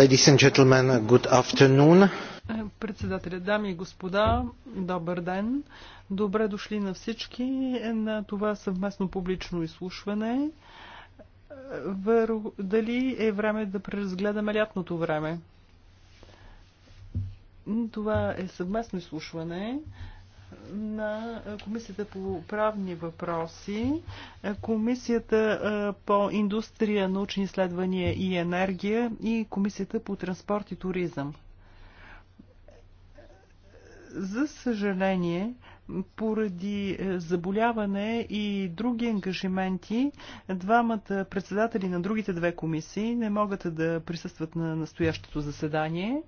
Ladies and gentlemen, good afternoon. Председателя, дами и господа, добър ден. Добре дошли на всички на това съвместно публично изслушване. Дали е време да преразгледаме лятното време? Това е съвместно изслушване на Комисията по правни въпроси, Комисията по индустрия, научни изследвания и енергия и Комисията по транспорт и туризъм. За съжаление, поради е, заболяване и други ангажименти, двамата председатели на другите две комисии не могат да присъстват на настоящото заседание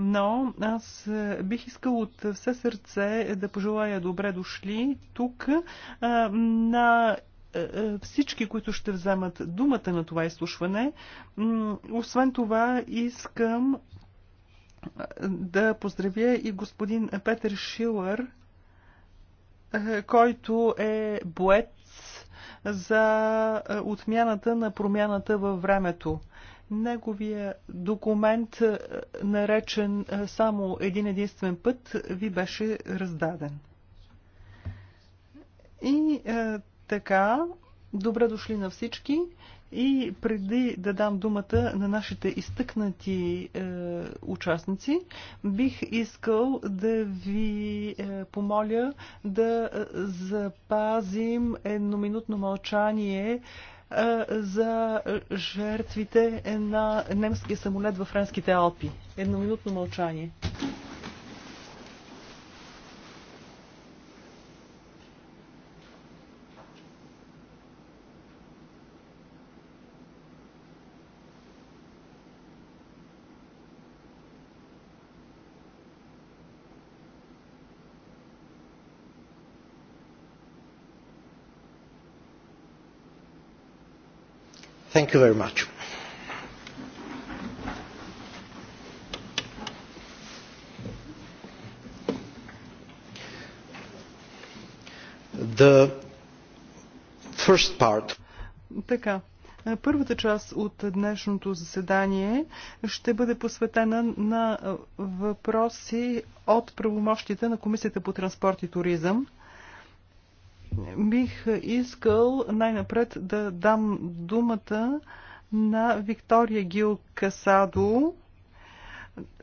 но аз е, бих искал от все сърце да пожелая добре дошли тук е, на е, всички, които ще вземат думата на това изслушване. Освен това, искам да поздравя и господин Петър Шилър, който е боец за отмяната на промяната във времето. Неговия документ, е, наречен е, само един единствен път, ви беше раздаден. И е, така, добре дошли на всички. И преди да дам думата на нашите изтъкнати е, участници, бих искал да ви е, помоля да е, запазим едноминутно мълчание. Е, за жертвите на немския самолет във френските Алпи. Едноминутно мълчание. Thank you very much. The first part. Така. Първата част от днешното заседание ще бъде посветена на въпроси от правомощите на Комисията по транспорт и туризъм. Бих искал най-напред да дам думата на Виктория Гил Касадо,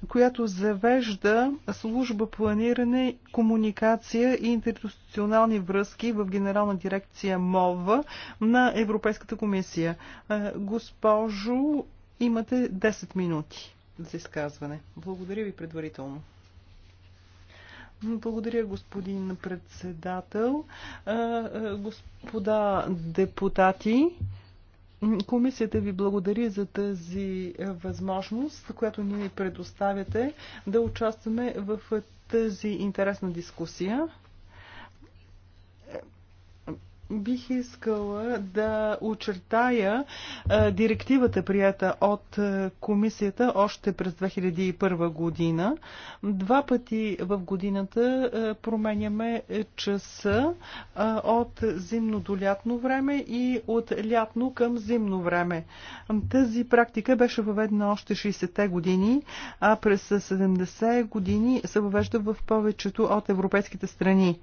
която завежда служба планиране, комуникация и интернационални връзки в Генерална дирекция МОВ на Европейската комисия. Е, госпожо, имате 10 минути за изказване. Благодаря ви предварително. Благодаря, господин председател. Господа депутати, Комисията ви благодари за тази възможност, която ни предоставяте да участваме в тази интересна дискусия. Бих искала да очертая директивата, прията от комисията още през 2001 година. Два пъти в годината променяме часа от зимно до лятно време и от лятно към зимно време. Тази практика беше въведена още 60-те години, а през 70 години се въвежда в повечето от европейските страни.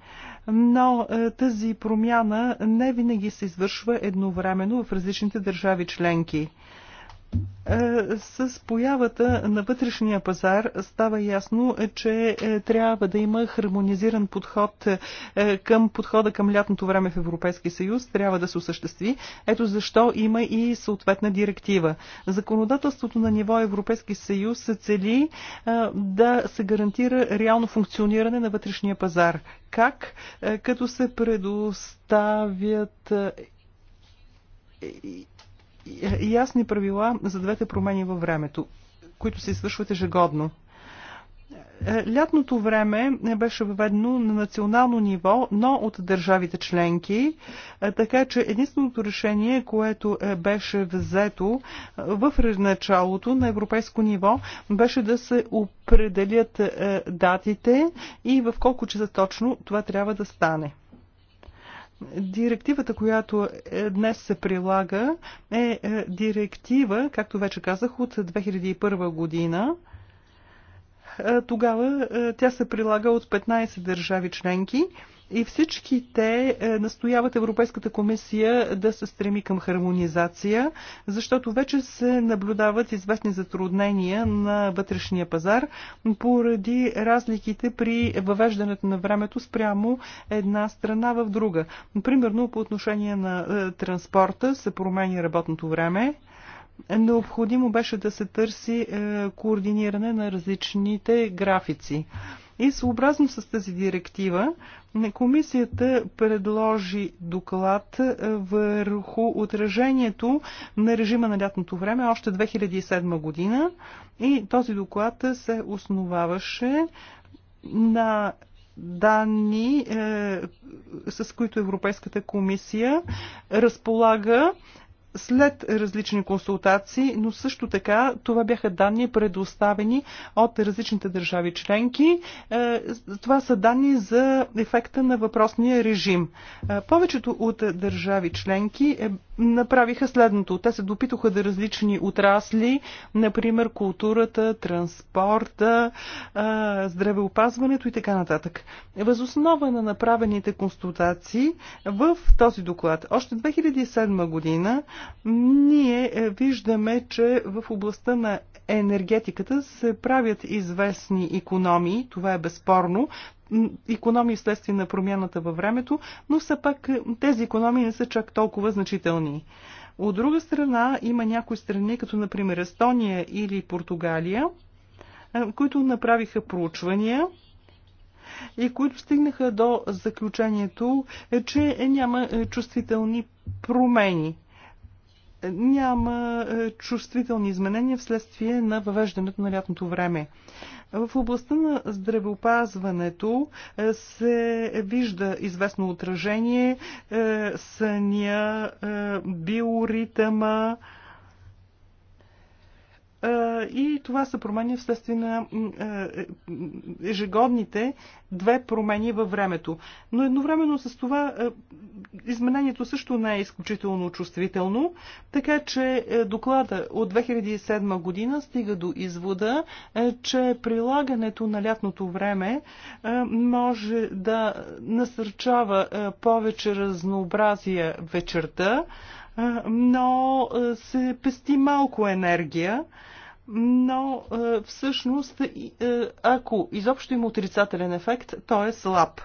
Но тази промяна не винаги се извършва едновременно в различните държави членки. Е, с появата на вътрешния пазар става ясно, че е, трябва да има хармонизиран подход е, към подхода към лятното време в Европейския съюз. Трябва да се осъществи. Ето защо има и съответна директива. Законодателството на ниво Европейски съюз се цели да се гарантира реално функциониране на вътрешния пазар. Как? Като се предоставят ясни правила за двете промени във времето, които се извършват ежегодно. Е, лятното време беше въведено на национално ниво, но от държавите членки, е, така че единственото решение, което е, беше взето в началото на европейско ниво, беше да се определят датите и в колко часа точно това трябва да стане. Директивата, която е, днес се прилага, е, е директива, както вече казах, от 2001 година. Е, тогава тя се прилага от 15 държави членки. И всички те е, настояват Европейската комисия да се стреми към хармонизация, защото вече се наблюдават известни затруднения на вътрешния пазар поради разликите при въвеждането на времето спрямо една страна в друга. Примерно по отношение на е, транспорта се променя работното време. Необходимо беше да се търси е, координиране на различните графици. И съобразно с тази директива, комисията предложи доклад е, върху отражението на режима на лятното време още 2007 година. И този доклад се основаваше на данни, е, с които Европейската комисия разполага след различни консултации, но също така това бяха данни предоставени от различните държави членки. Е, това са данни за ефекта на въпросния режим. Е, повечето от държави членки е направиха следното. Те се допитоха до да различни отрасли, например културата, транспорта, здравеопазването и така нататък. Възоснова на направените констатации в този доклад, още 2007 година, ние е, виждаме, че в областта на енергетиката се правят известни економии, това е безспорно, економии вследствие на промяната във времето, но все пак е, тези економии не са чак толкова значителни. От друга страна, има някои страни, като например Естония или Португалия, е, които направиха проучвания и които стигнаха до заключението, е, че няма чувствителни промени няма е, чувствителни изменения вследствие на въвеждането на лятното време. В областта на здравеопазването е, се вижда известно отражение е, съня, биоритъма, и това се променя вследствие на е, ежегодните две промени във времето. Но едновременно с това изменението също не е изключително чувствително, така че е, доклада от 2007 година стига до извода, е, че прилагането на лятното време може да насърчава повече разнообразие вечерта, но се пести малко енергия но е, всъщност, е, ако изобщо има отрицателен ефект, той е слаб.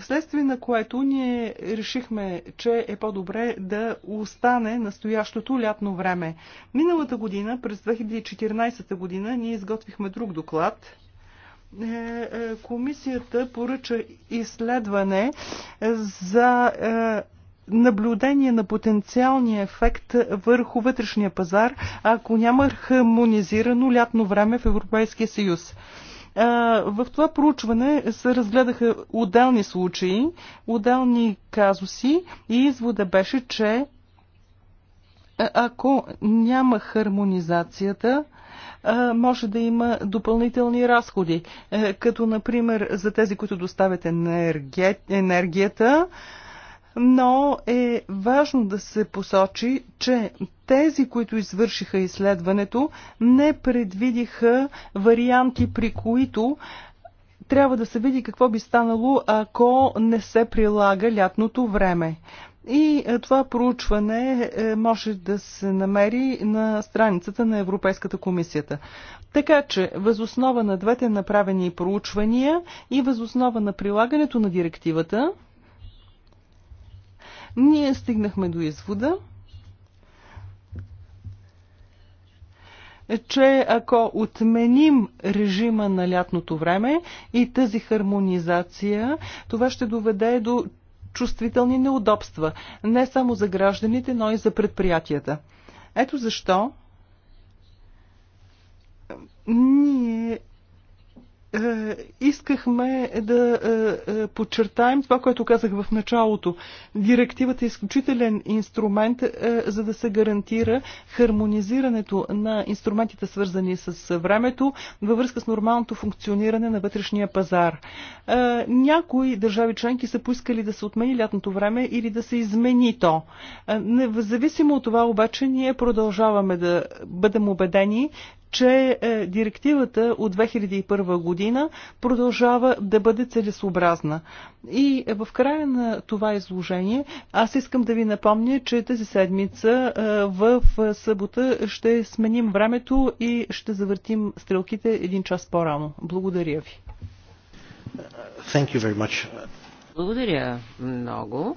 Вследствие на което ние решихме, че е по-добре да остане настоящото лятно време. Миналата година, през 2014 година, ние изготвихме друг доклад. Е, комисията поръча изследване за наблюдение на потенциалния ефект върху вътрешния пазар, ако няма хармонизирано лятно време в Европейския съюз. В това проучване се разгледаха отделни случаи, отделни казуси и извода беше, че ако няма хармонизацията, може да има допълнителни разходи, като например за тези, които доставят енергията, но е важно да се посочи, че тези, които извършиха изследването, не предвидиха варианти, при които трябва да се види какво би станало, ако не се прилага лятното време. И е, това проучване е, може да се намери на страницата на Европейската комисията. Така че, възоснова на двете направени проучвания и възоснова на прилагането на директивата, ние стигнахме до извода, че ако отменим режима на лятното време и тази хармонизация, това ще доведе до чувствителни неудобства, не само за гражданите, но и за предприятията. Ето защо ние е, искахме да е, е, подчертаем това, което казах в началото. Директивата е изключителен инструмент, за да се гарантира хармонизирането на инструментите, свързани с времето, във връзка с нормалното функциониране на вътрешния пазар. Някои държави членки са поискали да се отмени лятното време или да се измени то. Независимо от това обаче, ние продължаваме да бъдем убедени, че е, директивата от 2001 година продължава да бъде целесообразна. И е, в края на това изложение аз искам да ви напомня, че тази седмица е, в събота ще сменим времето и ще завъртим стрелките един час по-рано. Благодаря ви. Thank you very much. Благодаря много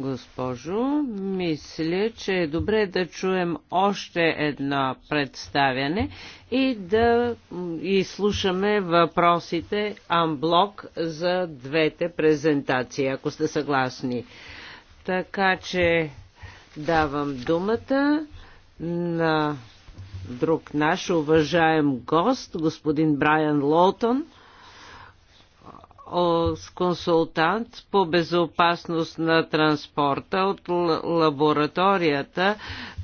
госпожо. Мисля, че е добре да чуем още едно представяне и да изслушаме въпросите амблок за двете презентации, ако сте съгласни. Така че давам думата на друг наш уважаем гост, господин Брайан Лоутон с консултант по безопасност на транспорта от лабораторията,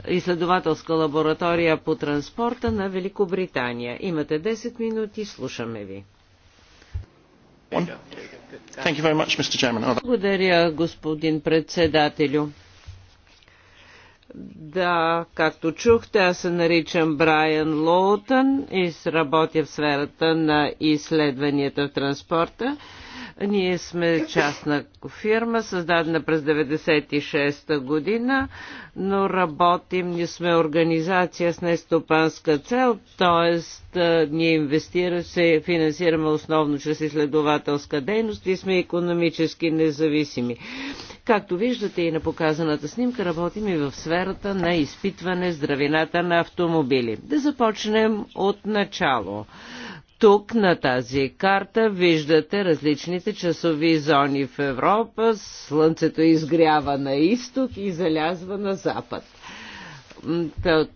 изследователска лаборатория по транспорта на Великобритания. Имате 10 минути, слушаме ви. Благодаря, господин председателю. Да, както чухте, аз се наричам Брайан Лоутън и работя в сферата на изследванията в транспорта. Ние сме частна фирма, създадена през 96-та година, но работим, ние сме организация с нестопанска цел, т.е. ние инвестира, се финансираме основно чрез изследователска дейност и сме економически независими. Както виждате и на показаната снимка, работим и в сферата на изпитване здравината на автомобили. Да започнем от начало. Тук на тази карта виждате различните часови зони в Европа. Слънцето изгрява на изток и залязва на запад.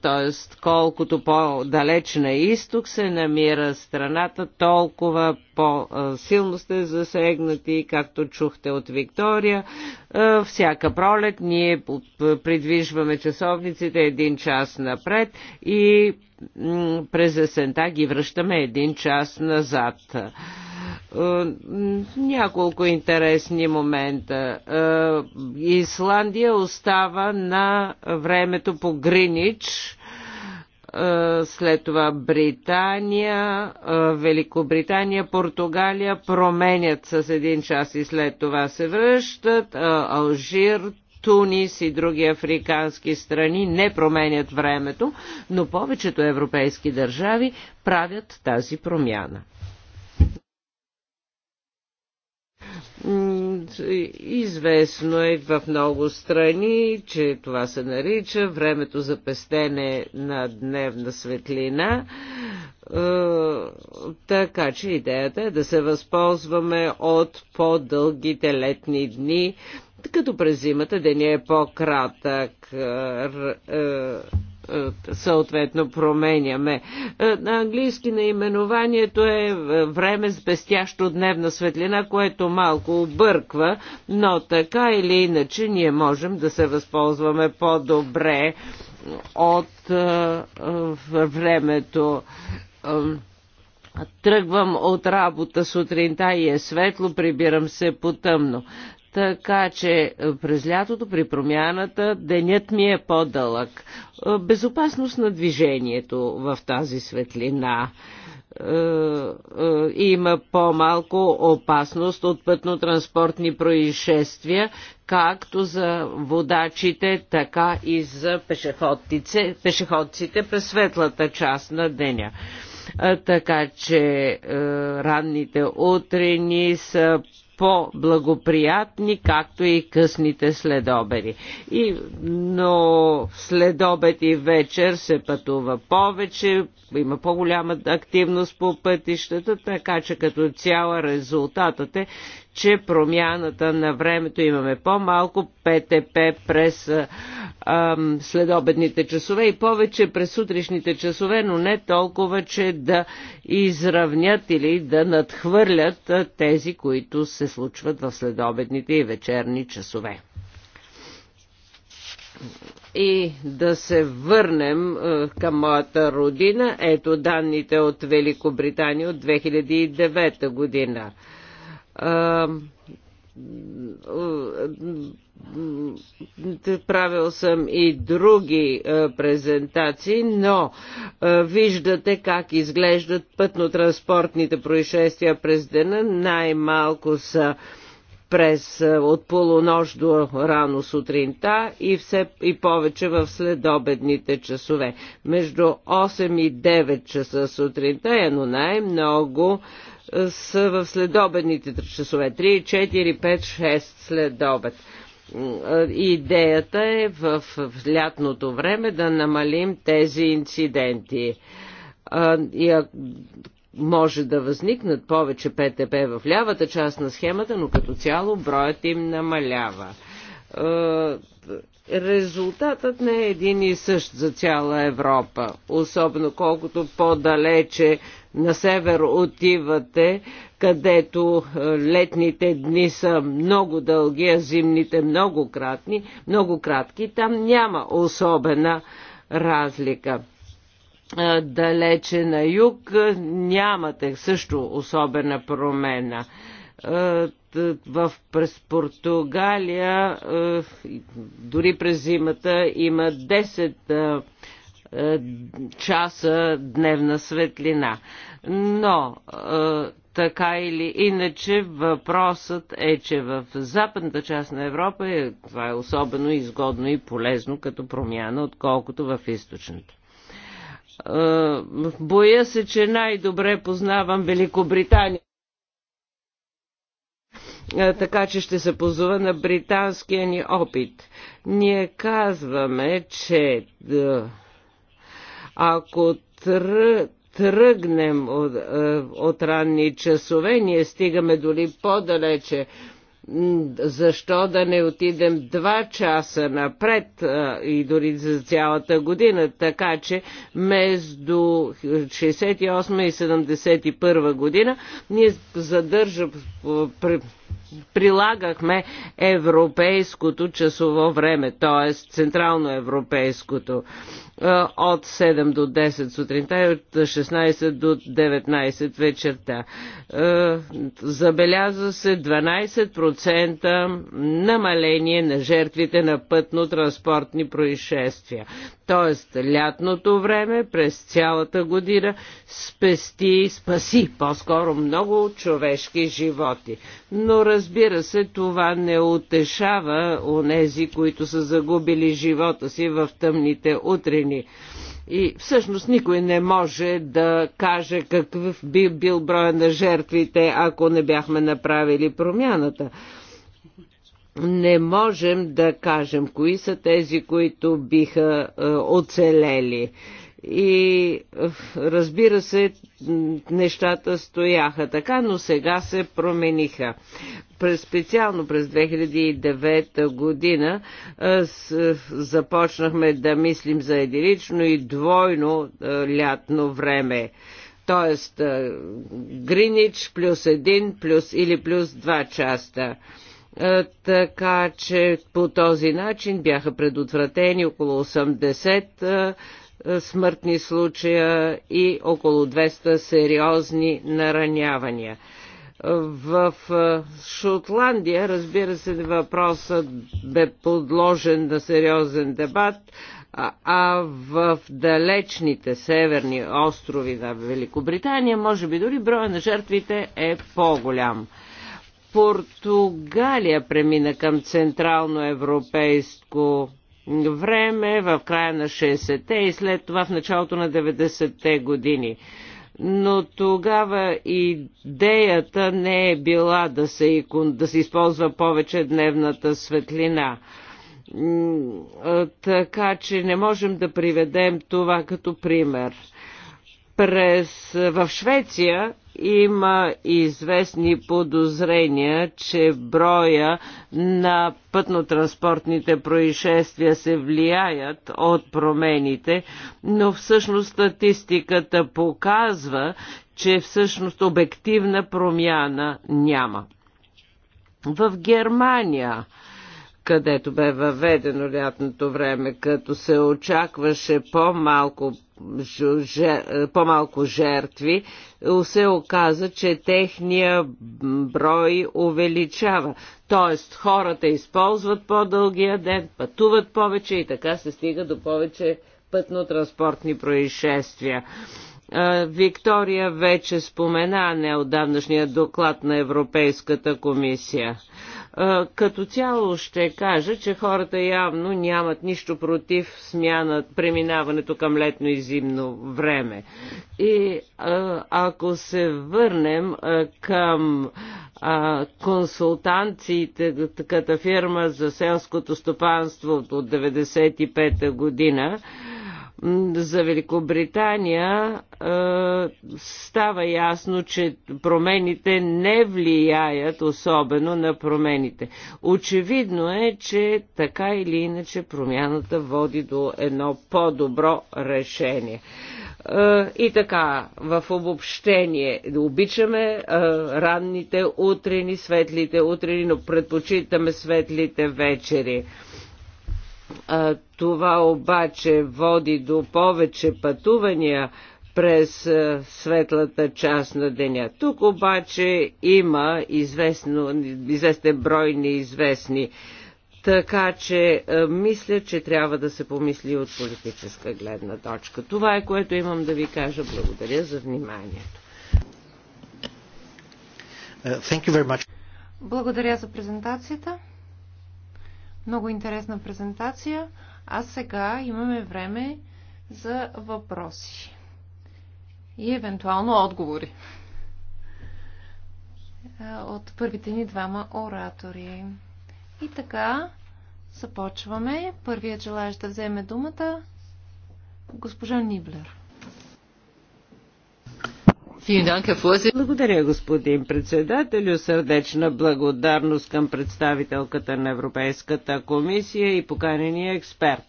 Тоест, колкото по-далеч на изток се намира страната, толкова по-силно сте засегнати, както чухте от Виктория. Е, всяка пролет ние придвижваме часовниците един час напред и през есента ги връщаме един час назад е, няколко интересни момента. Е, Исландия остава на времето по Гринич е, след това Британия, е, Великобритания, Португалия променят с един час и след това се връщат, е, Алжир, Тунис и други африкански страни не променят времето, но повечето европейски държави правят тази промяна. Известно е в много страни, че това се нарича времето за пестене на дневна светлина. Е, така че идеята е да се възползваме от по-дългите летни дни, като през зимата деня е по-кратък е, е, съответно променяме. Е, на английски наименованието е, е време с бестящо дневна светлина, което малко обърква, но така или иначе ние можем да се възползваме по-добре от времето. Тръгвам от работа сутринта и е светло, прибирам се потъмно. Така че е, през лятото при промяната денят ми е по-дълъг. Е, безопасност на движението в тази светлина е, има по-малко опасност от пътно-транспортни происшествия, както за водачите, така и за пешеходците през светлата част на деня. Така че ранните утрени са по-благоприятни, както и късните следобеди. И, но следобед и вечер се пътува повече, има по-голяма активност по пътищата, така че като цяло резултатът е, че промяната на времето имаме по-малко ПТП през ам, следобедните часове и повече през сутрешните часове, но не толкова, че да изравнят или да надхвърлят тези, които се случват в следобедните и вечерни часове и да се върнем към моята родина. Ето данните от Великобритания от 2009 година. Е, е, е, правил съм и други презентации, но виждате как изглеждат пътно-транспортните происшествия през дена. Най-малко са през от полунощ до рано сутринта и все и повече в следобедните часове. Между 8 и 9 часа сутринта е, но най-много са в следобедните часове. 3, 4, 5, 6 следобед. Идеята е в лятното време да намалим тези инциденти. И може да възникнат повече ПТП в лявата част на схемата, но като цяло броят им намалява. Резултатът не е един и същ за цяла Европа, особено колкото по-далече на север отивате, където е, летните дни са много дълги, а зимните много, кратни, много кратки, там няма особена разлика е, далече на юг е, нямате също особена промена. В през Португалия дори през зимата има 10 часа дневна светлина. Но е, така или иначе въпросът е, че в западната част на Европа е, това е особено изгодно и полезно като промяна, отколкото в източната. Е, боя се, че най-добре познавам Великобритания. Е, така че ще се позова на британския ни опит. Ние казваме, че ако тръгнем от, е, от ранни часове, ние стигаме дори по-далече. Защо да не отидем два часа напред е, и дори за цялата година? Така че между 68 и 71 година ние задържа е, прилагахме европейското часово време, т.е. централно европейското от 7 до 10 сутринта и от 16 до 19 вечерта. Забеляза се 12% намаление на жертвите на пътно-транспортни происшествия т.е. лятното време през цялата година спести, и спаси по-скоро много човешки животи. Но разбира се, това не утешава онези, които са загубили живота си в тъмните утрени. И всъщност никой не може да каже какъв би бил броя на жертвите, ако не бяхме направили промяната не можем да кажем кои са тези, които биха е, оцелели. И разбира се, нещата стояха така, но сега се промениха. През, специално през 2009 година е, с, започнахме да мислим за единично и двойно е, лятно време Тоест, е, Гринич плюс 1 плюс или плюс 2 часа. Е, така че по този начин бяха предотвратени около 80 е, е, смъртни случая и около 200 сериозни наранявания. В Шотландия, разбира се, въпросът бе подложен на сериозен дебат, а в далечните северни острови на Великобритания, може би дори броя на жертвите е по-голям. Португалия премина към централно европейско време в края на 60-те и след това в началото на 90-те години. Но тогава идеята не е била да се, да се използва повече дневната светлина. Така че не можем да приведем това като пример. През, в Швеция има известни подозрения, че броя на пътно-транспортните происшествия се влияят от промените, но всъщност статистиката показва, че всъщност обективна промяна няма. В Германия където бе въведено лятното време, като се очакваше по-малко по-малко жертви, се оказа, че техния брой увеличава. Тоест, хората използват по-дългия ден, пътуват повече и така се стига до повече пътно-транспортни происшествия. Виктория вече спомена неодавнашния доклад на Европейската комисия. Като цяло ще кажа, че хората явно нямат нищо против смяна, преминаването към летно и зимно време. И ако се върнем към консултанциите, таката фирма за селското стопанство от 1995 година, за Великобритания става ясно, че промените не влияят особено на промените. Очевидно е, че така или иначе промяната води до едно по-добро решение. И така, в обобщение, обичаме ранните утрени, светлите утрени, но предпочитаме светлите вечери това обаче води до повече пътувания през светлата част на деня. Тук обаче има известно, известен брой неизвестни. Така че мисля, че трябва да се помисли от политическа гледна точка. Това е което имам да ви кажа. Благодаря за вниманието. Uh, Благодаря за презентацията. Много интересна презентация. А сега имаме време за въпроси и евентуално отговори от първите ни двама оратори. И така, започваме. Първият желаящ да вземе думата госпожа Ниблер. Благодаря, господин председателю. Сърдечна благодарност към представителката на Европейската комисия и поканения експерт.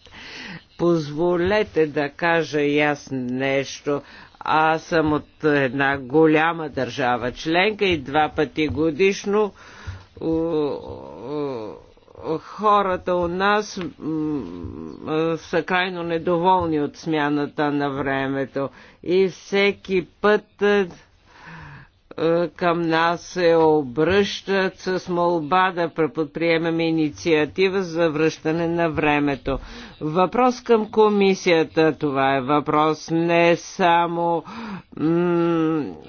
Позволете да кажа и аз нещо. Аз съм от една голяма държава членка и два пъти годишно хората у нас са крайно недоволни от смяната на времето и всеки път е, към нас се обръщат с молба да предприемаме инициатива за връщане на времето. Въпрос към комисията. Това е въпрос не само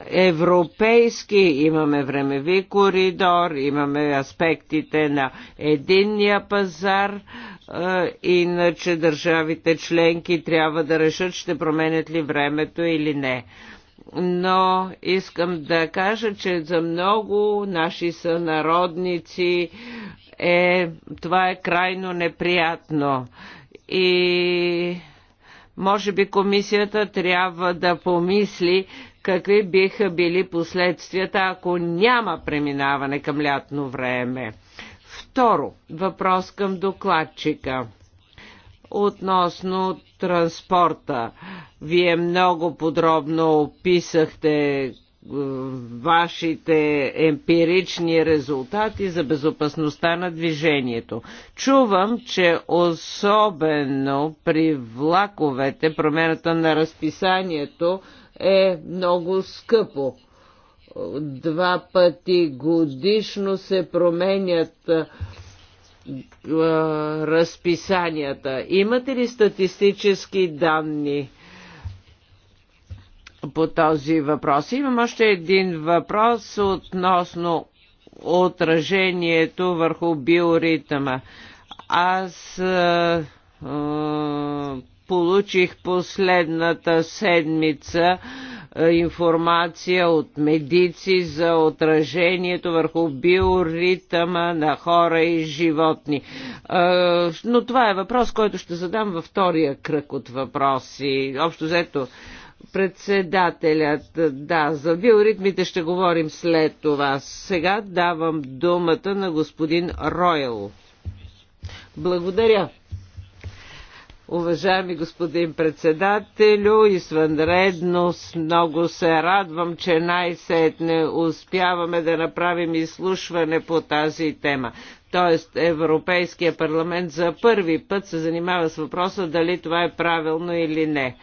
европейски. Имаме времеви коридор, имаме аспектите на единния пазар. Е, иначе държавите членки трябва да решат ще променят ли времето или не но искам да кажа, че за много наши сънародници е, това е крайно неприятно. И може би комисията трябва да помисли какви биха били последствията, ако няма преминаване към лятно време. Второ, въпрос към докладчика. Относно транспорта, вие много подробно описахте е, вашите емпирични резултати за безопасността на движението. Чувам, че особено при влаковете промената на разписанието е много скъпо. Два пъти годишно се променят е, разписанията. Имате ли статистически данни? по този въпрос. Имам още един въпрос относно отражението върху биоритъма. Аз а, а, получих последната седмица а, е, информация от медици за отражението върху биоритъма на хора и животни. Е, но това е въпрос, който ще задам във втория кръг от въпроси. Общо взето, председателят. Да, за биоритмите ще говорим след това. Сега давам думата на господин Ройл. Благодаря. Уважаеми господин председателю, извънредно много се радвам, че най-сетне успяваме да направим изслушване по тази тема. Тоест Европейския парламент за първи път се занимава с въпроса дали това е правилно или не.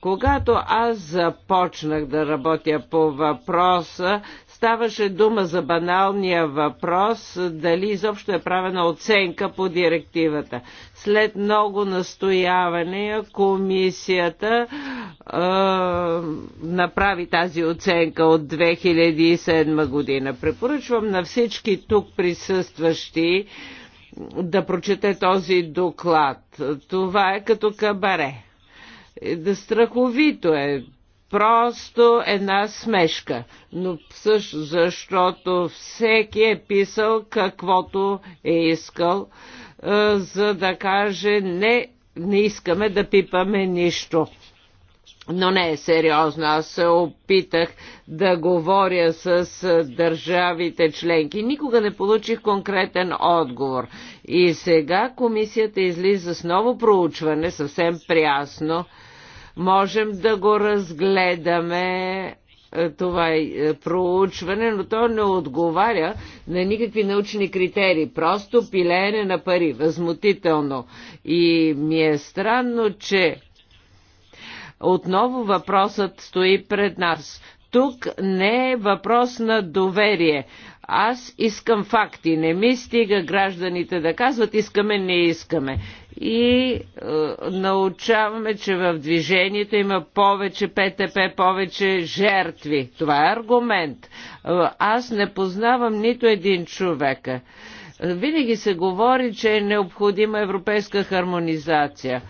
Когато аз започнах да работя по въпроса, Ставаше дума за баналния въпрос дали изобщо е правена оценка по директивата. След много настояване комисията е, направи тази оценка от 2007 година. Препоръчвам на всички тук присъстващи да прочете този доклад. Това е като кабаре. Да страховито е просто една смешка. Но също защото всеки е писал каквото е искал, е, за да каже не, не искаме да пипаме нищо но не е сериозно. Аз се опитах да говоря с държавите членки. Никога не получих конкретен отговор. И сега комисията излиза с ново проучване, съвсем прясно, Можем да го разгледаме е, това е, е проучване, но то не отговаря на никакви научни критерии. Просто пилеене на пари. Възмутително. И ми е странно, че отново въпросът стои пред нас. Тук не е въпрос на доверие. Аз искам факти. Не ми стига гражданите да казват искаме, не искаме и е, научаваме, че в движението има повече ПТП, повече жертви. Това е аргумент. Е, аз не познавам нито един човека. Е, винаги се говори, че е необходима европейска хармонизация.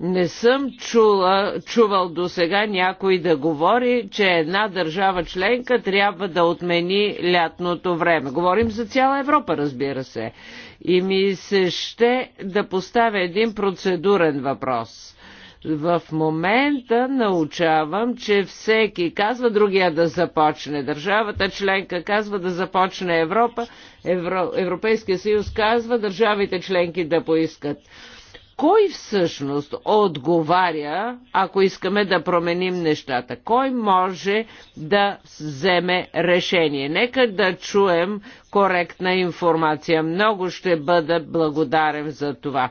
Не съм чула, чувал до сега някой да говори, че една държава членка трябва да отмени лятното време. Говорим за цяла Европа, разбира се. И ми се ще да поставя един процедурен въпрос. В момента научавам, че всеки казва другия да започне. Държавата членка казва да започне Европа, Евро, Европейския съюз казва държавите членки да поискат. Кой всъщност отговаря, ако искаме да променим нещата? Кой може да вземе решение? Нека да чуем коректна информация. Много ще бъда благодарен за това.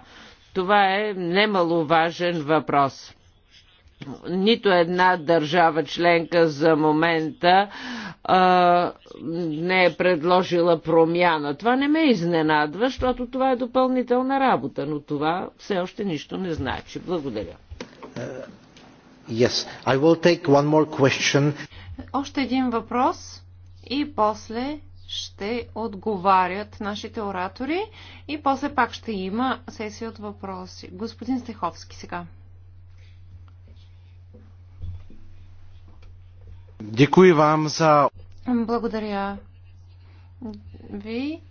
Това е немаловажен въпрос нито една държава членка за момента а, не е предложила промяна. Това не ме изненадва, защото това е допълнителна работа, но това все още нищо не значи. Благодаря. Uh, yes, I will take one more question. Още един въпрос и после ще отговарят нашите оратори и после пак ще има сесия от въпроси. Господин Стеховски сега. за... Благодаря ви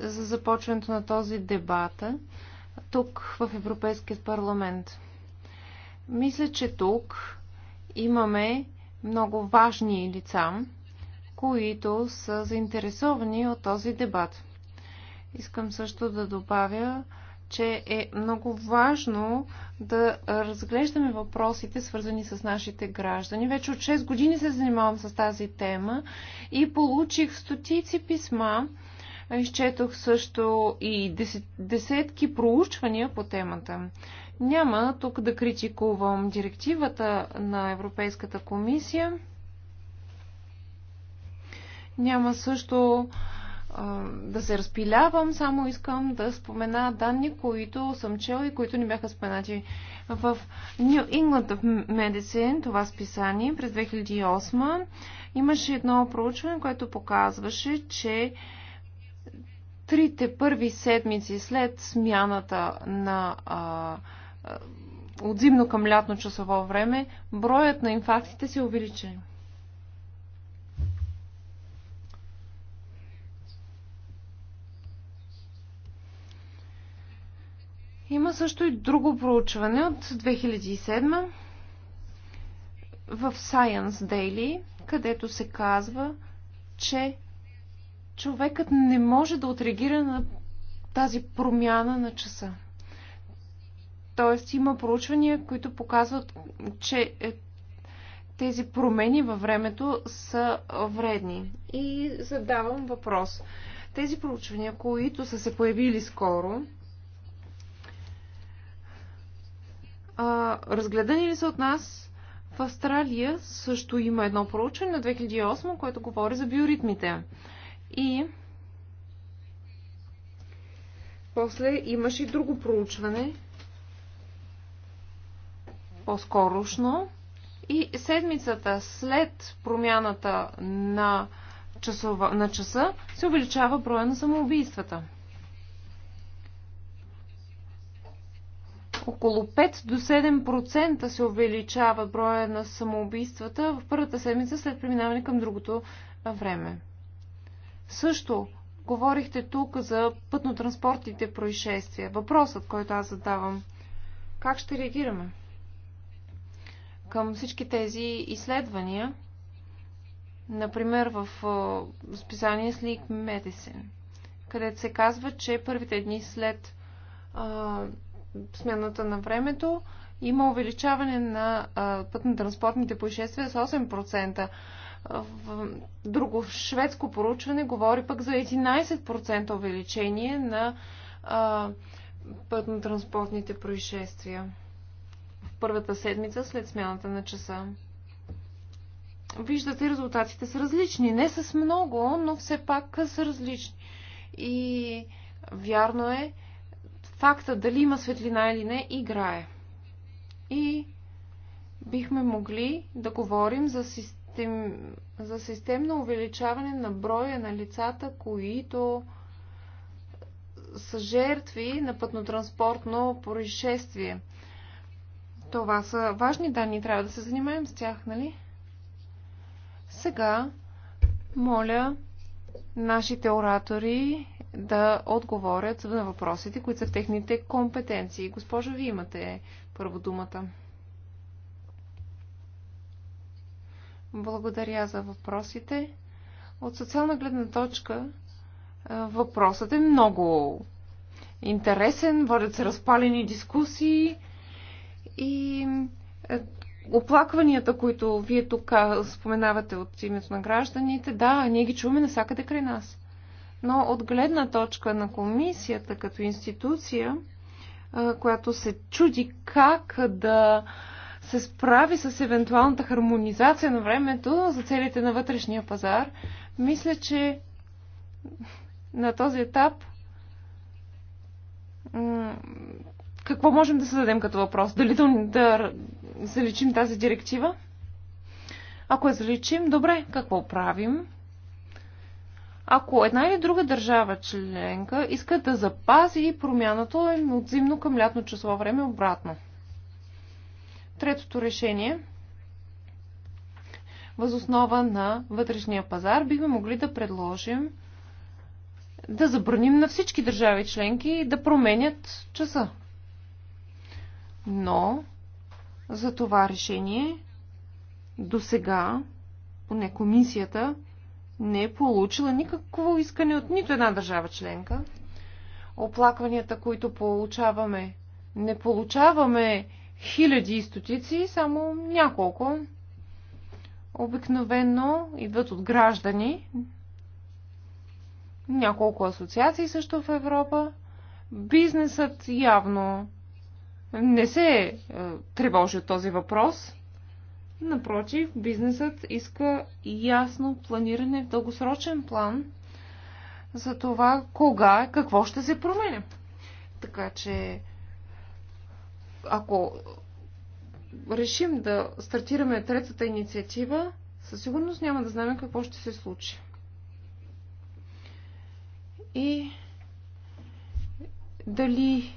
за започването на този дебат тук в Европейския парламент. Мисля, че тук имаме много важни лица, които са заинтересовани от този дебат. Искам също да добавя, че е много важно да разглеждаме въпросите, свързани с нашите граждани. Вече от 6 години се занимавам с тази тема и получих стотици писма. Изчетох също и десетки проучвания по темата. Няма тук да критикувам директивата на Европейската комисия. Няма също да се разпилявам, само искам да спомена данни, които съм чела и които ни бяха споменати в New England of Medicine, това списание през 2008. Имаше едно проучване, което показваше, че трите първи седмици след смяната на а, от зимно към лятно часово време, броят на инфарктите се е увеличи. Има също и друго проучване от 2007 в Science Daily, където се казва, че човекът не може да отреагира на тази промяна на часа. Тоест има проучвания, които показват, че е, тези промени във времето са вредни. И задавам въпрос. Тези проучвания, които са се появили скоро, а, разгледани ли са от нас? В Австралия също има едно проучване на 2008, което говори за биоритмите. И после имаше и друго проучване, по-скорошно. И седмицата след промяната на, часова, на часа се увеличава броя на самоубийствата. около 5 до 7% се увеличава броя на самоубийствата в първата седмица след преминаване към другото време. Също говорихте тук за пътно-транспортните происшествия. Въпросът, който аз задавам, как ще реагираме към всички тези изследвания, например в списание Sleep Medicine, където се казва, че първите дни след смяната на времето има увеличаване на пътно-транспортните происшествия с 8%. Друго шведско поручване говори пък за 11% увеличение на пътно-транспортните происшествия в първата седмица след смяната на часа. Виждате, резултатите са различни. Не с много, но все пак са различни. И вярно е, факта дали има светлина или не играе. И бихме могли да говорим за, систем... за системно увеличаване на броя на лицата, които са жертви на пътнотранспортно происшествие. Това са важни данни, трябва да се занимаем с тях, нали? Сега, моля, нашите оратори да отговорят на въпросите, които са в техните компетенции. Госпожо, ви имате първо думата. Благодаря за въпросите. От социална гледна точка е, въпросът е много интересен, водят се разпалени дискусии и е, оплакванията, които вие тук споменавате от името на гражданите, да, ние ги чуваме насякъде край нас но от гледна точка на комисията като институция, която се чуди как да се справи с евентуалната хармонизация на времето за целите на вътрешния пазар, мисля, че на този етап какво можем да се като въпрос? Дали да, да заличим тази директива? Ако я заличим, добре, какво правим? Ако една или друга държава членка иска да запази промяната от е зимно към лятно число време обратно. Третото решение възоснова на вътрешния пазар бихме могли да предложим да забраним на всички държави членки да променят часа. Но за това решение до сега, поне комисията, не е получила никакво искане от нито една държава членка. Оплакванията, които получаваме, не получаваме хиляди и стотици, само няколко. Обикновено идват от граждани, няколко асоциации също в Европа. Бизнесът явно не се е, тревожи от този въпрос. Напротив, бизнесът иска ясно планиране в дългосрочен план за това кога, какво ще се променя. Така че, ако решим да стартираме третата инициатива, със сигурност няма да знаем какво ще се случи. И дали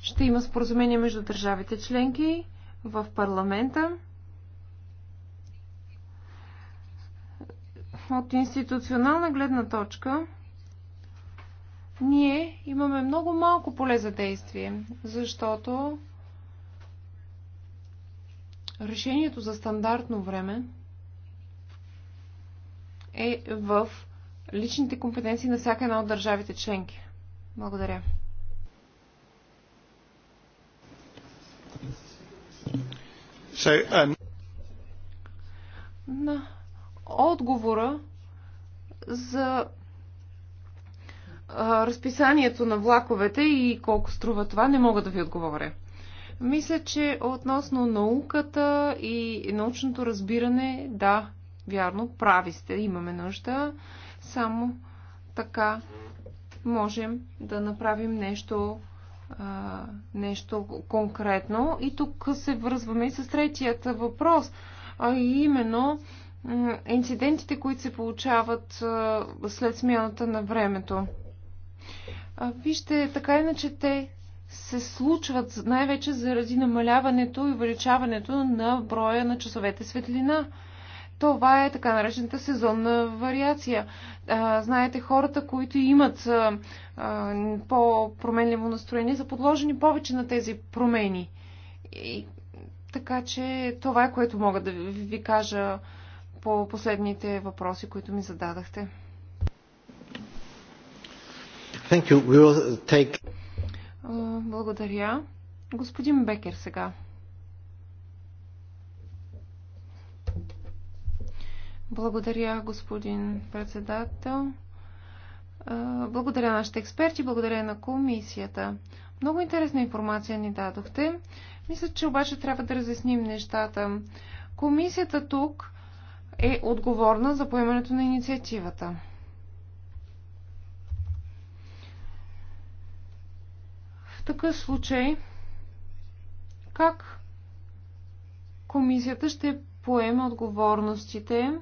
ще има споразумение между държавите членки в парламента. От институционална гледна точка ние имаме много малко поле за действие, защото решението за стандартно време е в личните компетенции на всяка една от държавите членки. Благодаря. So, um... На отговора за разписанието на влаковете и колко струва това, не мога да ви отговоря. Мисля, че относно науката и научното разбиране, да, вярно, прави сте, имаме нужда. Само така можем да направим нещо, а, нещо конкретно. И тук се връзваме и с третият въпрос, а именно инцидентите, които се получават след смяната на времето. Вижте, така иначе те се случват най-вече заради намаляването и увеличаването на броя на часовете светлина. Това е така наречената сезонна вариация. А, знаете, хората, които имат а, по-променливо настроение, са подложени повече на тези промени. И, така че това е което мога да ви, ви кажа по последните въпроси, които ми зададахте. Take... Благодаря. Господин Бекер сега. Благодаря, господин председател. Благодаря нашите експерти, благодаря на комисията. Много интересна информация ни дадохте. Мисля, че обаче трябва да разясним нещата. Комисията тук е отговорна за поемането на инициативата. В такъв случай, как комисията ще поеме отговорностите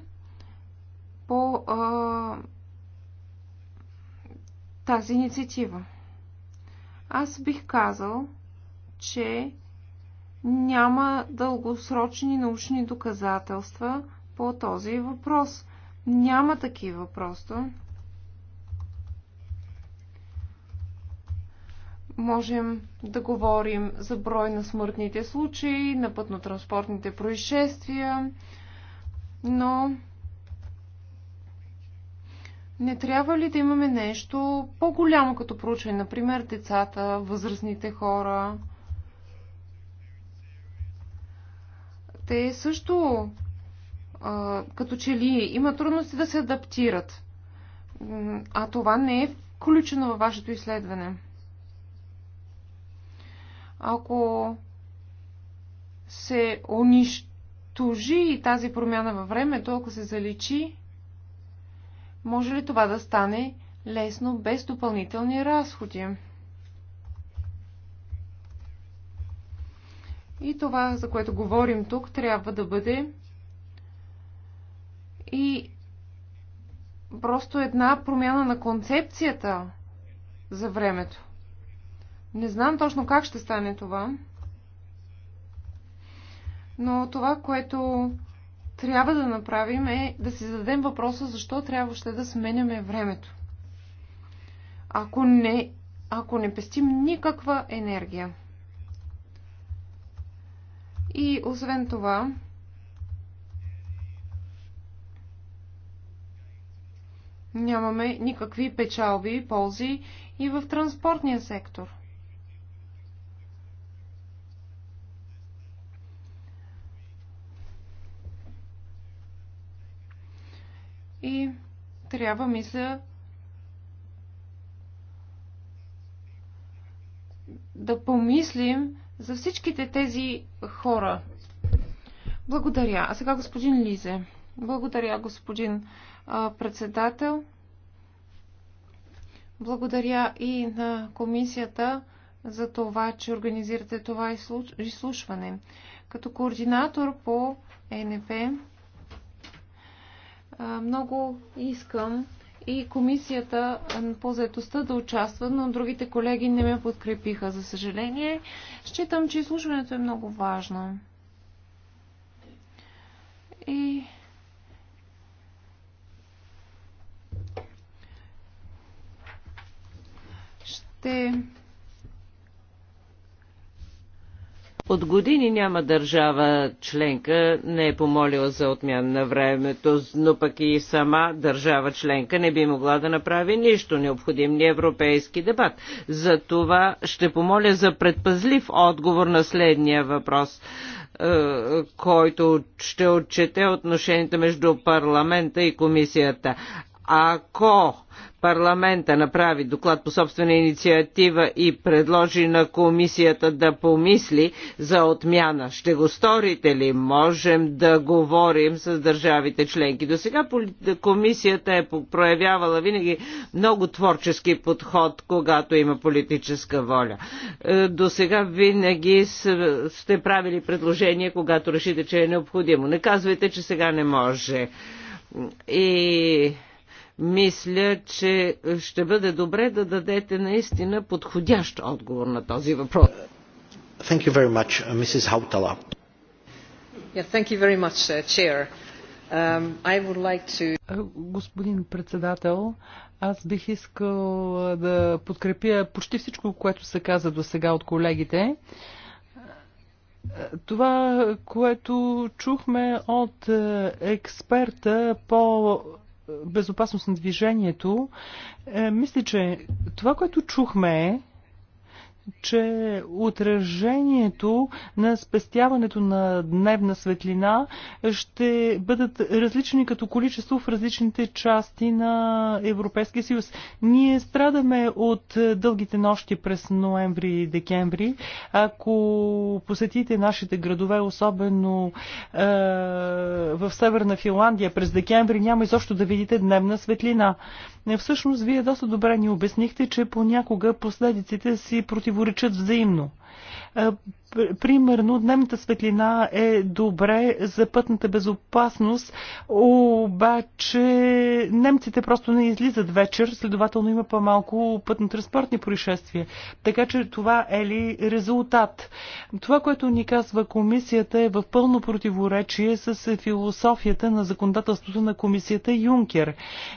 по а, тази инициатива? Аз бих казал, че няма дългосрочни научни доказателства по този въпрос. Няма такива просто. Можем да говорим за брой на смъртните случаи, на пътно-транспортните происшествия, но не трябва ли да имаме нещо по-голямо като проучване, например децата, възрастните хора? Те също като че ли има трудности да се адаптират. А това не е включено във вашето изследване. Ако се унищожи и тази промяна във време, ако се заличи, може ли това да стане лесно без допълнителни разходи? И това, за което говорим тук, трябва да бъде и просто една промяна на концепцията за времето. Не знам точно как ще стане това, но това, което трябва да направим е да си зададем въпроса защо трябва ще да сменяме времето. Ако не, ако не пестим никаква енергия. И освен това, нямаме никакви печалби и ползи и в транспортния сектор. И трябва, мисля, да помислим за всичките тези хора. Благодаря. А сега господин Лизе. Благодаря, господин председател. Благодаря и на комисията за това, че организирате това изслушване. Като координатор по ЕНП много искам и комисията по заедостта да участва, но другите колеги не ме подкрепиха, за съжаление. Считам, че изслушването е много важно. И ще от години няма държава членка не е помолила за отмяна на времето, но пък и сама държава членка не би могла да направи нищо. Необходим ни е европейски дебат. За това ще помоля за предпазлив отговор на следния въпрос е, който ще отчете отношенията между парламента и комисията. Ако парламента направи доклад по собствена инициатива и предложи на комисията да помисли за отмяна. Ще го сторите ли? Можем да говорим с държавите членки. До сега комисията е проявявала винаги много творчески подход, когато има политическа воля. Е, до сега винаги сте правили предложение, когато решите, че е необходимо. Не казвайте, че сега не може. И мисля, че ще бъде добре да дадете наистина подходящ отговор на този въпрос. Thank you very much, uh, Mrs. Hautala. Yeah, thank you very much, uh, Chair. Um, I would like to... Господин председател, аз бих искал uh, да подкрепя почти всичко, което се каза до сега от колегите. Това, което чухме от експерта по безопасност на движението, е, мисля, че това, което чухме е, че отражението на спестяването на дневна светлина ще бъдат различни като количество в различните части на Европейския съюз. Ние страдаме от дългите нощи през ноември и декември. Ако посетите нашите градове, особено е, в Северна Финландия през декември, няма изобщо да видите дневна светлина. Всъщност, вие доста добре ни обяснихте, че понякога последиците си против противоречат взаимно. Е, примерно, дневната светлина е добре за пътната безопасност, обаче немците просто не излизат вечер, следователно има по-малко пътно-транспортни происшествия. Така че това е ли резултат? Това, което ни казва комисията е в пълно противоречие с философията на законодателството на комисията Юнкер.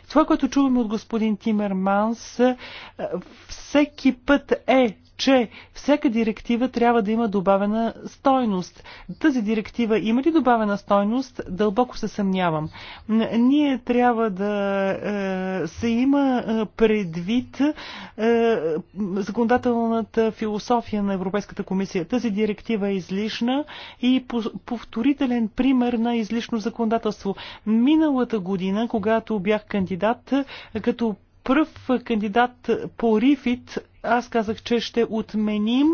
Това, което чуваме от господин Тимерманс, е, всеки път е че всяка директива трябва да има добавена стойност. Тази директива има ли добавена стойност? Дълбоко се съмнявам. Ние трябва да е, се има е, предвид е, законодателната философия на Европейската комисия. Тази директива е излишна и повторителен пример на излишно законодателство. Миналата година, когато бях кандидат, като пръв кандидат по РИФИТ аз казах, че ще отменим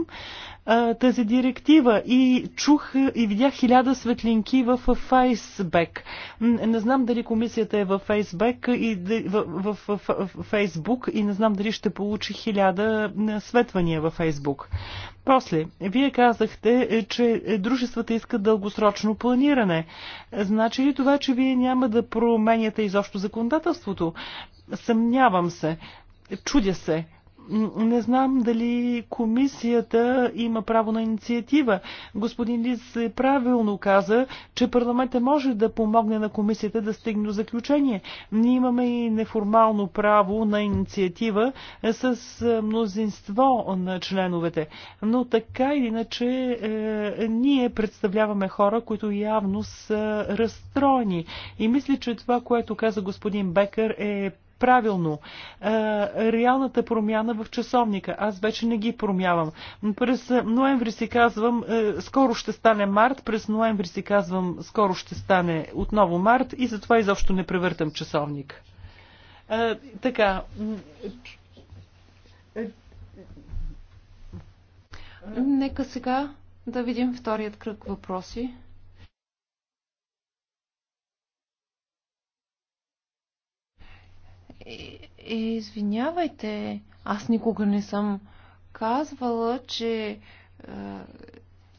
а, тази директива и чух и видях хиляда светлинки в Фейсбек. Не знам дали комисията е в Фейсбек и в, в, в, в Фейсбук и не знам дали ще получи хиляда светвания в Фейсбук. После, вие казахте, е, че дружествата искат дългосрочно планиране. Значи ли това, че вие няма да променяте изобщо законодателството? Съмнявам се. Чудя се. Не знам дали комисията има право на инициатива. Господин Лис правилно каза, че парламента може да помогне на комисията да стигне до заключение. Ние имаме и неформално право на инициатива е, с е, мнозинство на членовете. Но така или иначе е, ние представляваме хора, които явно са разстроени. И мисля, че това, което каза господин Бекър е правилно. Е, реалната промяна в часовника. Аз вече не ги промявам. През ноември си казвам, е, скоро ще стане март, през ноември си казвам, скоро ще стане отново март и затова изобщо не превъртам часовник. Е, така. Нека сега да видим вторият кръг въпроси. И извинявайте, аз никога не съм казвала, че е,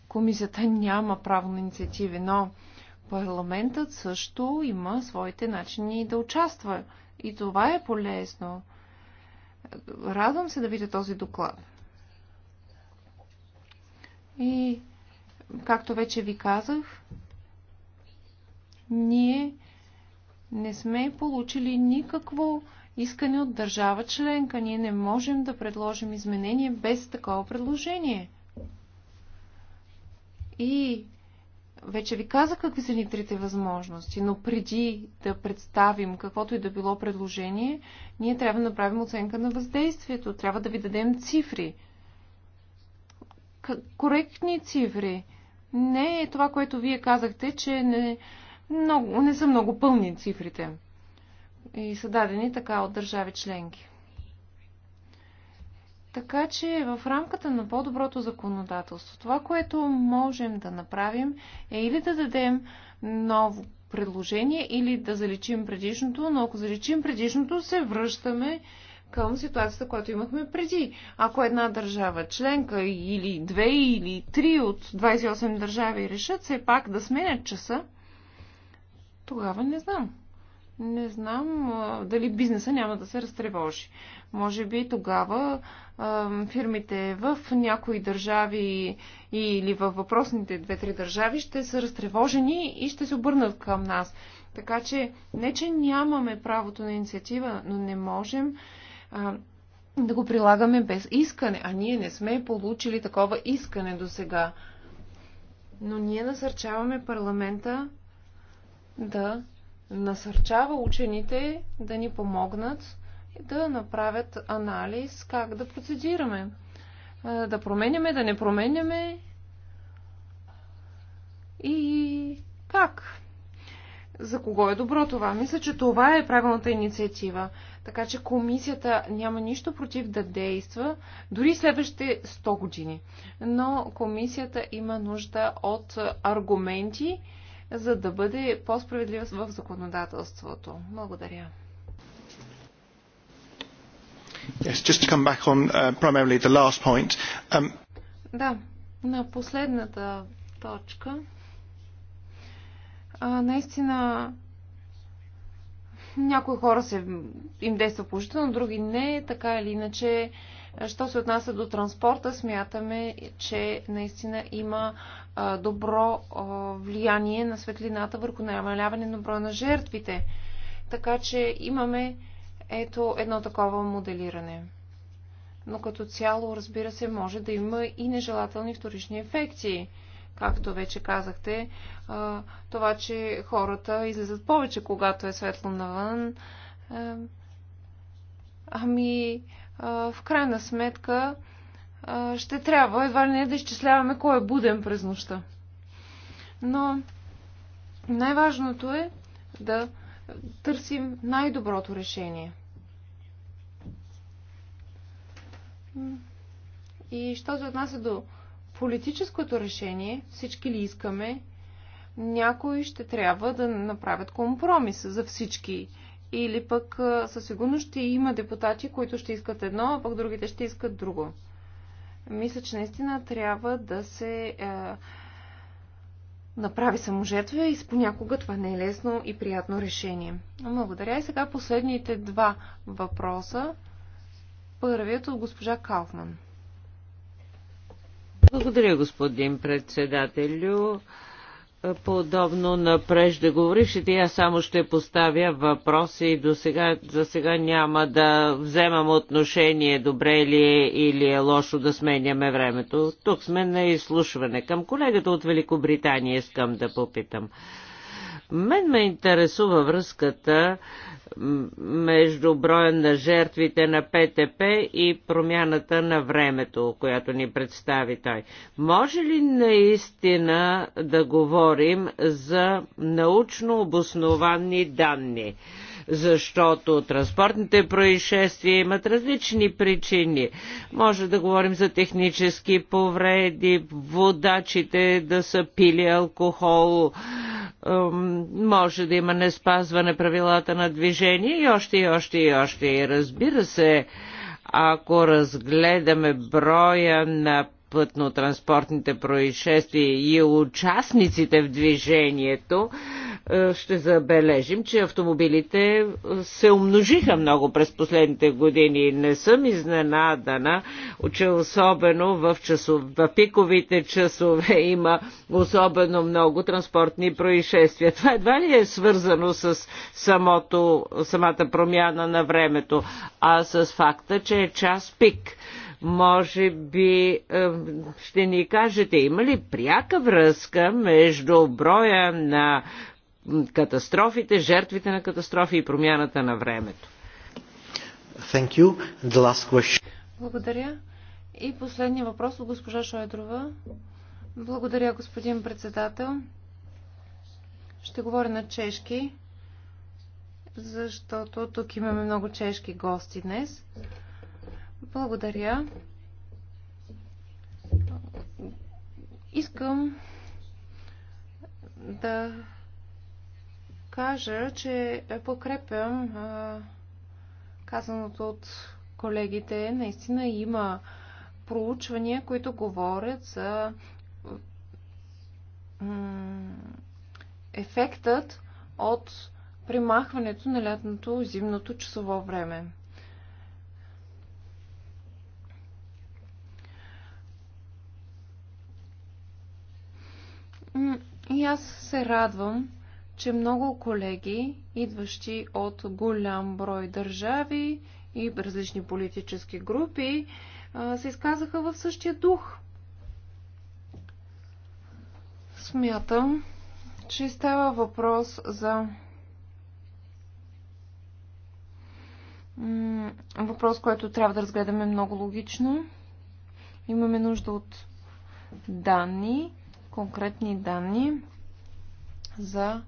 комисията няма право на инициативи, но парламентът също има своите начини да участва. И това е полезно. Радвам се да видя този доклад. И, както вече ви казах, ние не сме получили никакво искане от държава членка. Ние не можем да предложим изменение без такова предложение. И вече ви казах какви са ни трите възможности, но преди да представим каквото и да било предложение, ние трябва да направим оценка на въздействието. Трябва да ви дадем цифри. Коректни цифри. Не е това, което вие казахте, че не, много, не са много пълни цифрите и са дадени така от държави членки. Така че в рамката на по-доброто законодателство, това, което можем да направим е или да дадем ново предложение, или да заличим предишното, но ако заличим предишното, се връщаме към ситуацията, която имахме преди. Ако една държава членка или две или три от 28 държави решат все пак да сменят часа, тогава не знам. Не знам а, дали бизнеса няма да се разтревожи. Може би тогава а, фирмите в някои държави или във въпросните две-три държави ще са разтревожени и ще се обърнат към нас. Така че не, че нямаме правото на инициатива, но не можем а, да го прилагаме без искане. А ние не сме получили такова искане до сега. Но ние насърчаваме парламента да насърчава учените да ни помогнат да направят анализ как да процедираме. Да променяме, да не променяме и как. За кого е добро това? Мисля, че това е правилната инициатива. Така че комисията няма нищо против да действа дори следващите 100 години. Но комисията има нужда от аргументи, за да бъде по-справедлива в законодателството. Благодаря. Yes, just to come back on uh, primarily the last point. Um... Да, на последната точка. А, наистина, някои хора се им действа положително, други не, така или иначе. А, Що се отнася до транспорта, смятаме, че наистина има добро влияние на светлината върху намаляване на броя на жертвите. Така че имаме ето едно такова моделиране. Но като цяло, разбира се, може да има и нежелателни вторични ефекти. Както вече казахте, това, че хората излизат повече, когато е светло навън. Ами, в крайна сметка ще трябва едва ли не да изчисляваме кой е буден през нощта. Но най-важното е да търсим най-доброто решение. И що се отнася до политическото решение, всички ли искаме, някои ще трябва да направят компромис за всички или пък със сигурност ще има депутати, които ще искат едно, а пък другите ще искат друго. Мисля, че наистина трябва да се е, направи саможертва и понякога това не е лесно и приятно решение. Благодаря. И сега последните два въпроса. Първият от госпожа Кауфман. Благодаря, господин председателю. Подобно на преждеговорившите, аз само ще поставя въпроси и до сега, за сега няма да вземам отношение добре ли е или е лошо да сменяме времето. Тук сме на изслушване. Към колегата от Великобритания искам да попитам. Мен ме интересува връзката между броя на жертвите на ПТП и промяната на времето, която ни представи той. Може ли наистина да говорим за научно обосновани данни? защото транспортните происшествия имат различни причини. Може да говорим за технически повреди, водачите да са пили алкохол, може да има не спазване правилата на движение и още и още и още. И разбира се, ако разгледаме броя на пътно-транспортните происшествия и участниците в движението, е, ще забележим, че автомобилите е, се умножиха много през последните години. Не съм изненадана, че особено в, часов, в пиковите часове има особено много транспортни происшествия. Това едва ли е свързано с самото, самата промяна на времето, а с факта, че е час пик може би е, ще ни кажете, има ли пряка връзка между броя на катастрофите, жертвите на катастрофи и промяната на времето. Thank you. The last question. Благодаря. И последния въпрос от госпожа Шойдрова. Благодаря, господин председател. Ще говоря на чешки, защото тук имаме много чешки гости днес. Благодаря. Искам да кажа, че подкрепям казаното от колегите. Наистина има проучвания, които говорят за ефектът от примахването на лятното зимното часово време. И аз се радвам, че много колеги, идващи от голям брой държави и различни политически групи, се изказаха в същия дух. Смятам, че става въпрос за въпрос, който трябва да разгледаме много логично. Имаме нужда от данни, конкретни данни за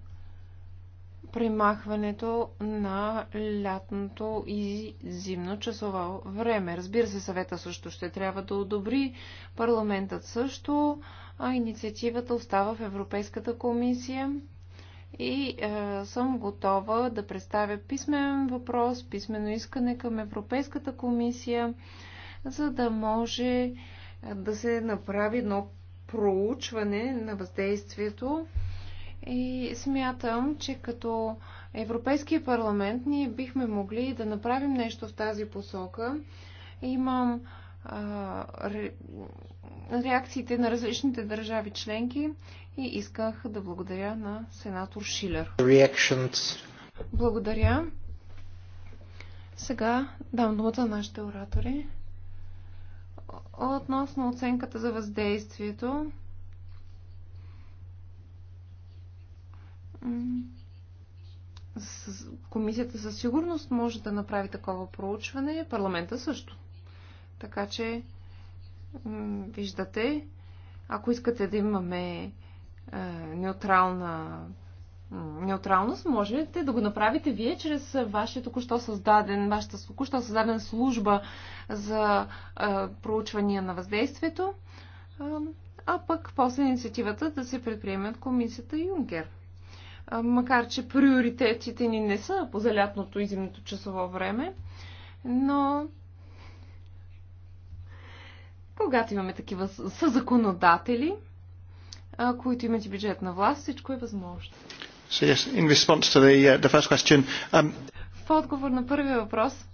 премахването на лятното и зимно часово време. Разбира се, съвета също ще трябва да одобри, парламентът също, а инициативата остава в Европейската комисия. И е, съм готова да представя писмен въпрос, писмено искане към Европейската комисия, за да може да се направи едно проучване на въздействието и смятам, че като Европейския парламент ние бихме могли да направим нещо в тази посока. Имам а, ре, реакциите на различните държави членки и исках да благодаря на сенатор Шилер. Reactions. Благодаря. Сега дам думата на нашите оратори. Относно оценката за въздействието, Комисията със сигурност може да направи такова проучване, парламента също. Така че, виждате, ако искате да имаме е, неутрална неутралност, можете да го направите вие чрез вашия току-що създаден, вашата току-що създадена служба за а, е, проучвания на въздействието, а, а пък после инициативата да се предприеме от комисията Юнкер макар че приоритетите ни не са по залятното и зимното часово време, но когато имаме такива съзаконодатели, които имат и на власт, всичко е възможно. So yes, in response to the, uh, the first question, um... В отговор на първия въпрос,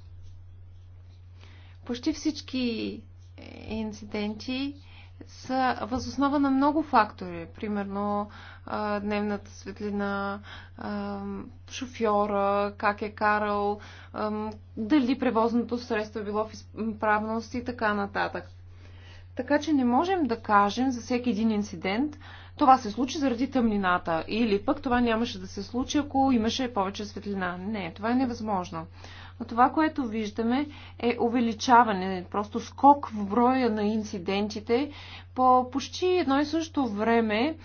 почти всички е, инциденти са възоснова на много фактори. Примерно дневната светлина, шофьора, как е карал, дали превозното средство е било в изправност и така нататък. Така че не можем да кажем за всеки един инцидент, това се случи заради тъмнината или пък това нямаше да се случи, ако имаше повече светлина. Не, това е невъзможно. Но това, което виждаме е увеличаване, просто скок в броя на инцидентите по почти едно и също време,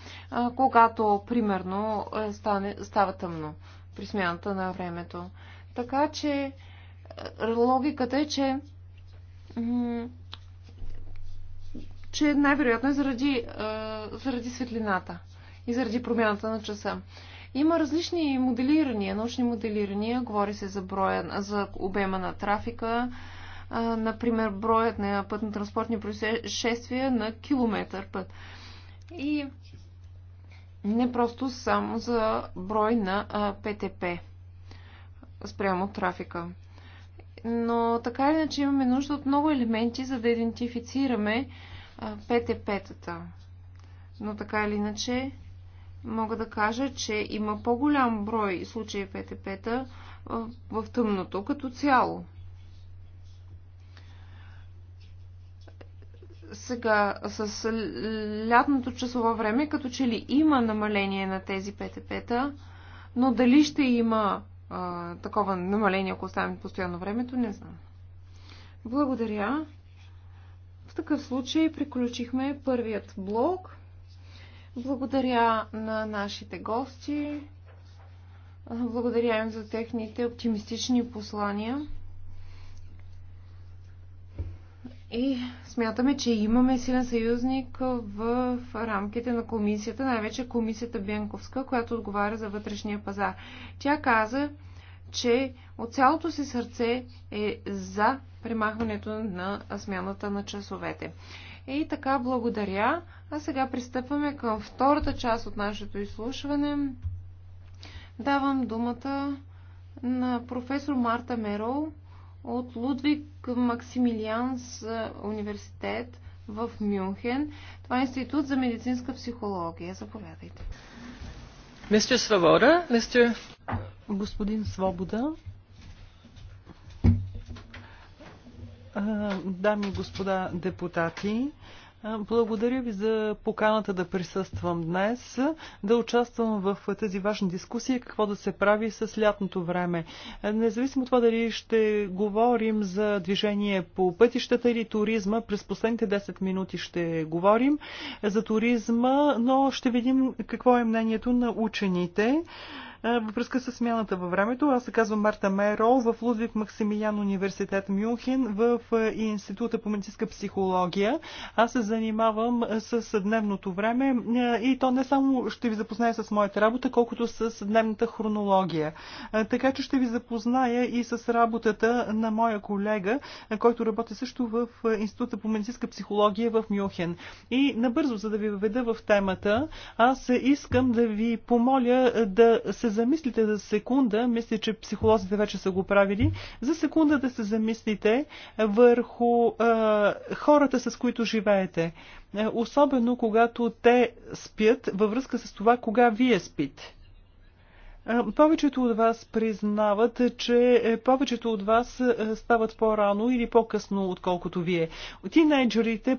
когато примерно е, стане, става тъмно при смяната на времето. Така че е, логиката е, че че най-вероятно е заради, е, заради светлината и заради промяната на часа. Има различни моделирания, научни моделирания. Говори се за, броя, за обема на трафика, например, броят на пътно-транспортни происшествия на километър път. И не просто само за брой на ПТП спрямо трафика. Но така или иначе имаме нужда от много елементи, за да идентифицираме ПТП-тата. Но така или иначе мога да кажа, че има по-голям брой случаи ПТП-та в, в тъмното като цяло. Сега, с лятното часово време, като че ли има намаление на тези ПТП-та, но дали ще има а, такова намаление, ако оставим постоянно времето, не знам. Благодаря. В такъв случай приключихме първият блок. Благодаря на нашите гости. Благодаря им за техните оптимистични послания. И смятаме, че имаме силен съюзник в рамките на комисията, най-вече комисията Бенковска, която отговаря за вътрешния пазар. Тя каза, че от цялото си сърце е за премахването на смяната на часовете. И така, благодаря. А сега пристъпваме към втората част от нашето изслушване. Давам думата на професор Марта Мерол от Лудвиг Максимилианс университет в Мюнхен. Това е институт за медицинска психология. Заповядайте. Мистер Свобода, мистер... Господин Свобода, Дами и господа депутати, благодаря ви за поканата да присъствам днес, да участвам в тази важна дискусия, какво да се прави с лятното време. Независимо от това дали ще говорим за движение по пътищата или туризма, през последните 10 минути ще говорим за туризма, но ще видим какво е мнението на учените. Е, във връзка с смяната във времето. Аз се казвам Марта Мейрол в Лудвиг Максимилиан университет Мюнхен в е, Института по медицинска психология. Аз се занимавам е, с дневното време и то не само ще ви запозная с моята работа, колкото с дневната хронология. Така че ще ви запозная и с работата на моя колега, който работи също в Института по медицинска психология в Мюнхен. И набързо, за да ви въведа в темата, аз искам да ви помоля да се замислите за секунда, мисля, че психолозите вече са го правили, за секунда да се замислите върху е, хората, с които живеете. Особено когато те спят във връзка с това, кога вие спите. Повечето от вас признават, че е, повечето от вас стават по-рано или по-късно, отколкото вие. Тинейджерите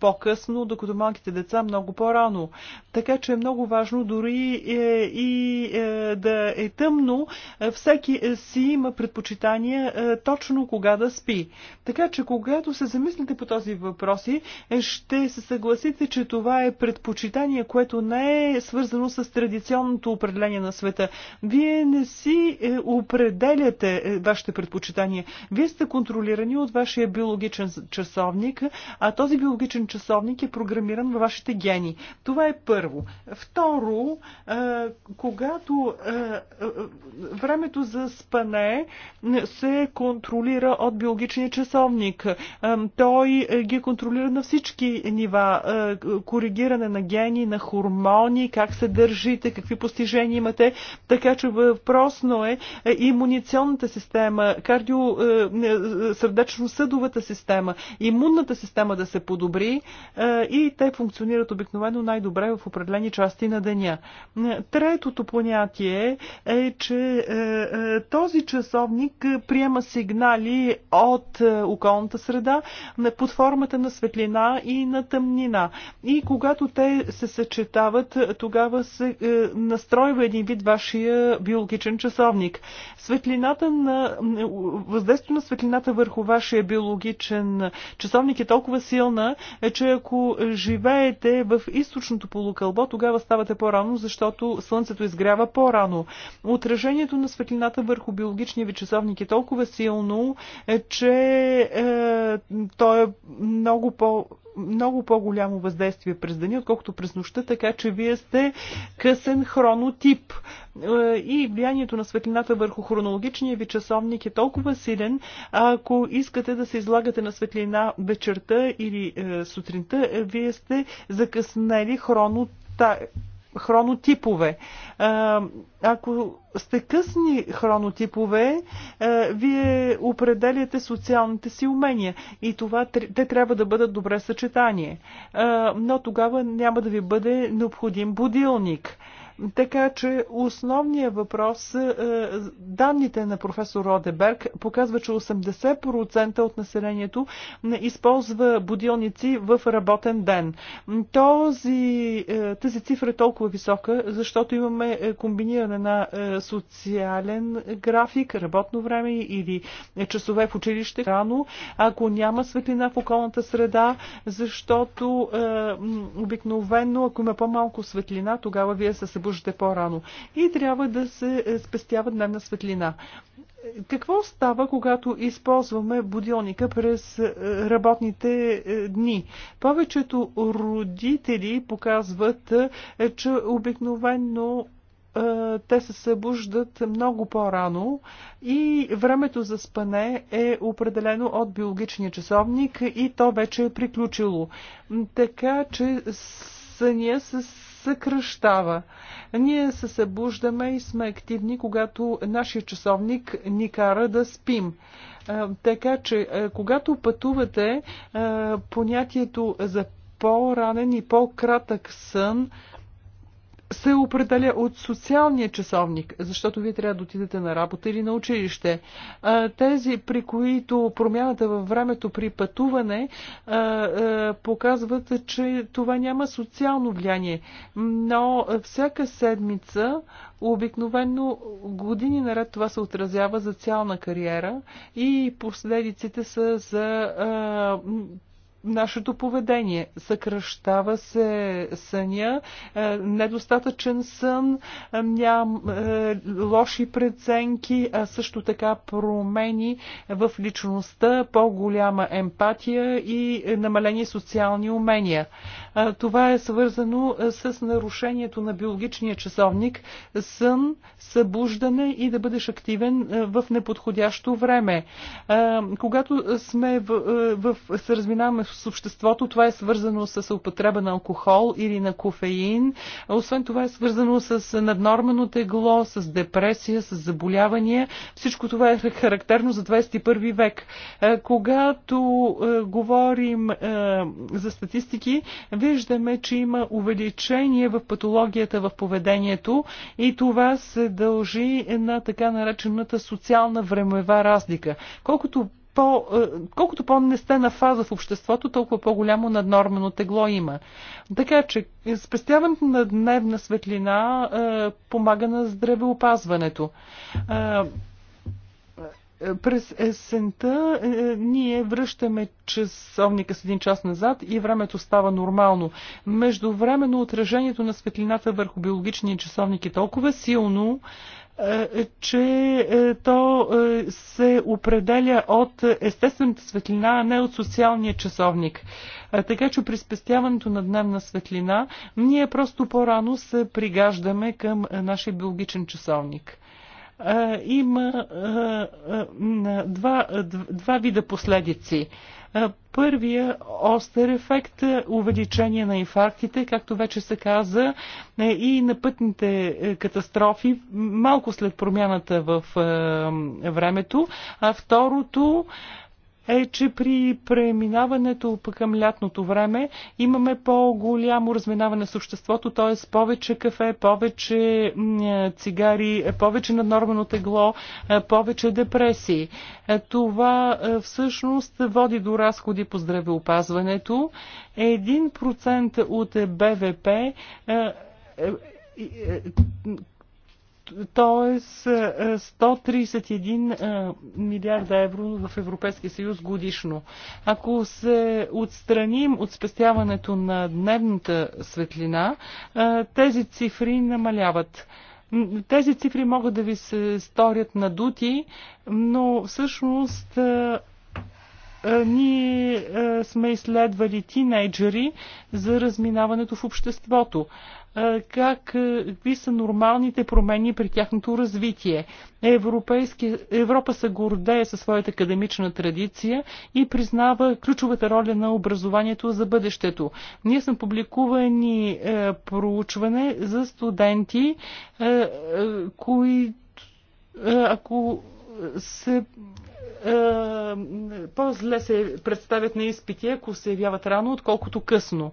по-късно, докато малките деца много по-рано. Така че е много важно дори е, и е, да е тъмно, е, всеки си има предпочитания е, точно кога да спи. Така че когато се замислите по този въпроси, е, ще се съгласите, че това е предпочитание, което не е свързано с традиционното определение на света. Вие не си е, определяте вашите предпочитания. Вие сте контролирани от вашия биологичен часовник, а този биологичен биологичен часовник е програмиран във вашите гени. Това е първо. Второ, е, когато е, е, времето за спане се контролира от биологичния часовник, той ги контролира на всички нива. Коригиране на гени, на хормони, как се държите, какви постижения имате. Така че въпросно е имуниционната система, кардио, сърдечно-съдовата система, имунната система да се подобри добри е, и те функционират обикновено най-добре в определени части на деня. Третото понятие е, че е, е, този часовник приема сигнали от околната среда под формата на светлина и на тъмнина. И когато те се съчетават, тогава се настройва един вид вашия биологичен часовник. Светлината на, въздействието на светлината върху вашия биологичен часовник е толкова силна, е, че ако живеете в източното полукълбо, тогава ставате по-рано, защото слънцето изгрява по-рано. Отражението на светлината върху биологичния ви часовник е толкова силно, е, че е, то е много по- много по-голямо въздействие през деня, отколкото през нощта, така че вие сте късен хронотип. Е, и влиянието на светлината върху хронологичния ви часовник е толкова силен, ако искате да се излагате на светлина вечерта или е, сутринта, е, вие сте закъснели хронотип хронотипове. Ако сте късни хронотипове, вие определяте социалните си умения и това, те трябва да бъдат добре съчетание. Но тогава няма да ви бъде необходим будилник. Така че основният въпрос, е, данните на професор Родеберг показва, че 80% от населението използва будилници в работен ден. Този, е, тази цифра е толкова висока, защото имаме е, комбиниране на социален график, работно време или часове в училище рано, ако няма светлина в околната среда, защото обикновено, ако има по-малко светлина, тогава вие се събудите събуждате по-рано и трябва да се е, спестява дневна светлина. Какво става, когато използваме будилника през е, работните е, дни? Повечето родители показват, че обикновено те се събуждат много по-рано и времето за спане е определено от биологичния часовник и то вече е приключило. Така че съня с съкръщава. Ние се събуждаме и сме активни, когато нашия часовник ни кара да спим. Така че, когато пътувате, понятието за по-ранен и по-кратък сън се определя от социалния часовник, защото вие трябва да отидете на работа или на училище. Тези, при които промяната във времето при пътуване показват, че това няма социално влияние. Но всяка седмица, обикновено години наред това се отразява за цялна кариера и последиците са за нашето поведение. Съкръщава се съня, е, недостатъчен сън, е, ням, е, лоши преценки, а също така промени в личността, по-голяма емпатия и намалени социални умения. Това е свързано с нарушението на биологичния часовник, сън, събуждане и да бъдеш активен в неподходящо време. Когато сме в, в, се разминаваме с обществото, това е свързано с употреба на алкохол или на кофеин. Освен това е свързано с наднормено тегло, с депресия, с заболявания. Всичко това е характерно за 21 век. Когато говорим за статистики, вие виждаме, че има увеличение в патологията в поведението и това се дължи на така наречената социална времева разлика. Колкото по, е, колкото по-не сте на фаза в обществото, толкова по-голямо наднормено тегло има. Така че е, спестяването на дневна светлина е, помага на здравеопазването. Е, през есента е, ние връщаме часовника с един час назад и времето става нормално. Междувременно отражението на светлината върху биологичния часовник е толкова силно, е, е, че е, то е, се определя от естествената светлина, а не от социалния часовник. Е, така че при спестяването на дневна светлина, ние просто по-рано се пригаждаме към нашия биологичен часовник има два, два вида последици. Първия остър ефект увеличение на инфарктите, както вече се каза, и на пътните катастрофи малко след промяната в времето. А второто е, че при преминаването към лятното време имаме по-голямо разминаване с обществото, т.е. повече кафе, повече е, цигари, е, повече наднормено тегло, е, повече депресии. Това всъщност води до разходи по здравеопазването. 1% от БВП т.е. 131 е, е, милиарда евро в Европейския съюз годишно. Ако се отстраним от спестяването на дневната светлина, е, тези цифри намаляват. Тези цифри могат да ви се сторят надути, но всъщност ние сме изследвали тинейджери за разминаването в обществото как, какви са нормалните промени при тяхното развитие. Европейски, Европа се гордее със своята академична традиция и признава ключовата роля на образованието за бъдещето. Ние сме публикувани е, проучване за студенти, е, е, кои е, ако се е, по-зле се представят на изпити, ако се явяват рано, отколкото късно.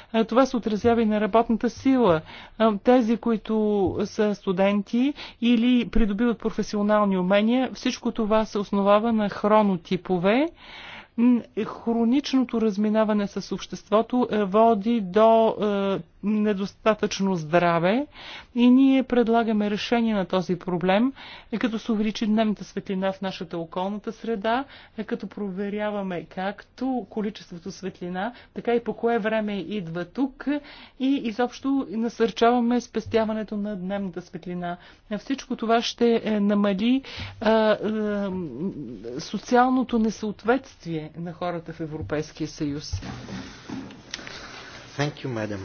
Е, това се отразява и на работната сила. Тези, които са студенти или придобиват професионални умения, всичко това се основава на хронотипове хроничното разминаване с обществото е, води до е, недостатъчно здраве и ние предлагаме решение на този проблем, е, като се увеличи дневната светлина в нашата околната среда, като проверяваме както количеството светлина, така и по кое време идва тук и изобщо насърчаваме спестяването на дневната светлина. Всичко това ще намали социалното несъответствие на хората в Европейския съюз. Thank you, madam.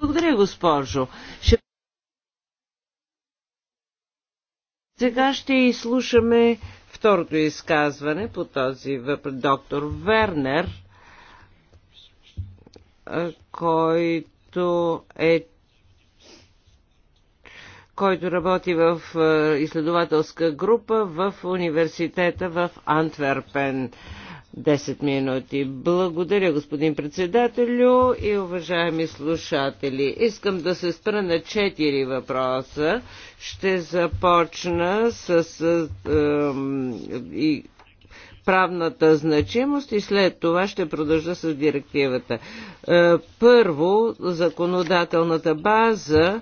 Благодаря, госпожо. Ще... Сега ще изслушаме второто изказване по този въпрос. Доктор Вернер, който е който работи в изследователска група в университета в Антверпен. 10 минути. Благодаря, господин председателю и уважаеми слушатели. Искам да се спра на 4 въпроса. Ще започна с, с е, и правната значимост и след това ще продължа с директивата. Е, първо, законодателната база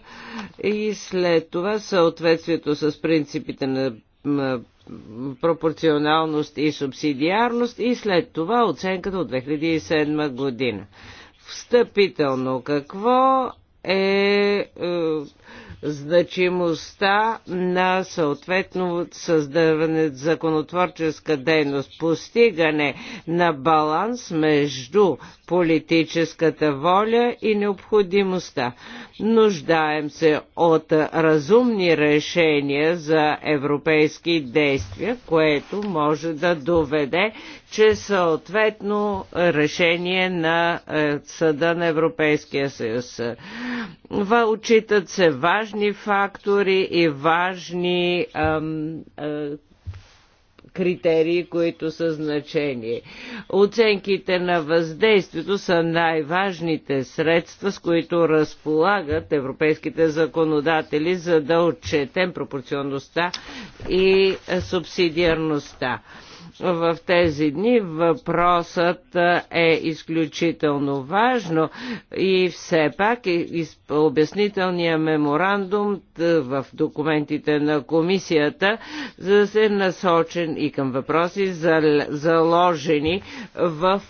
и след това съответствието с принципите на пропорционалност и субсидиарност и след това оценката от 2007 година. Встъпително какво е, е значимостта на съответно създаване законотворческа дейност, постигане на баланс между политическата воля и необходимостта. Нуждаем се от разумни решения за европейски действия, което може да доведе че съответно решение на е, Съда на Европейския съюз. Отчитат се важни фактори и важни ам, а, е, критерии, които са значени. Оценките на въздействието са най-важните средства, с които разполагат европейските законодатели, за да отчетем пропорционността и субсидиарността в тези дни. Въпросът е изключително важно и все пак е обяснителният меморандум в документите на комисията за да се е насочен и към въпроси заложени в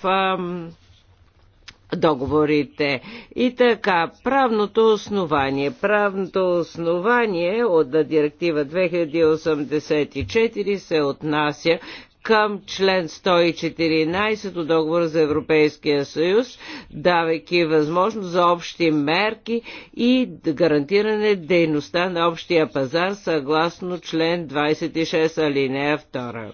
договорите. И така, правното основание. Правното основание от директива 2084 се отнася към член 114 от договора за Европейския съюз, давайки възможност за общи мерки и гарантиране дейността на общия пазар съгласно член 26 алинея 2.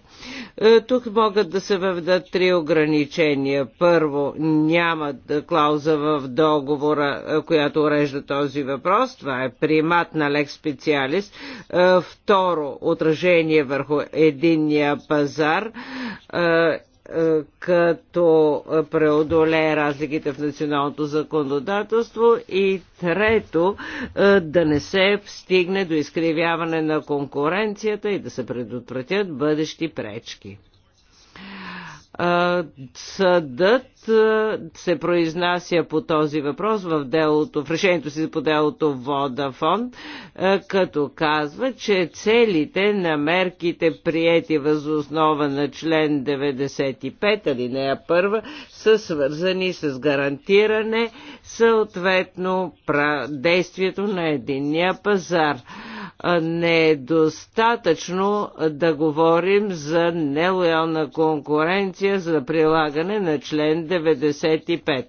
Е, тук могат да се въведат три ограничения. Първо, няма клауза в договора, е, която урежда този въпрос. Това е примат на лек специалист. Второ, отражение върху единния пазар пазар е, е, като преодолее разликите в националното законодателство и трето е, да не се стигне до изкривяване на конкуренцията и да се предотвратят бъдещи пречки. Съдът се произнася по този въпрос в, делото, в решението си по делото Водафон, като казва, че целите на мерките приети възоснова на член 95 алинея 1 са свързани с гарантиране съответно действието на единния пазар не е достатъчно да говорим за нелоялна конкуренция за прилагане на член 95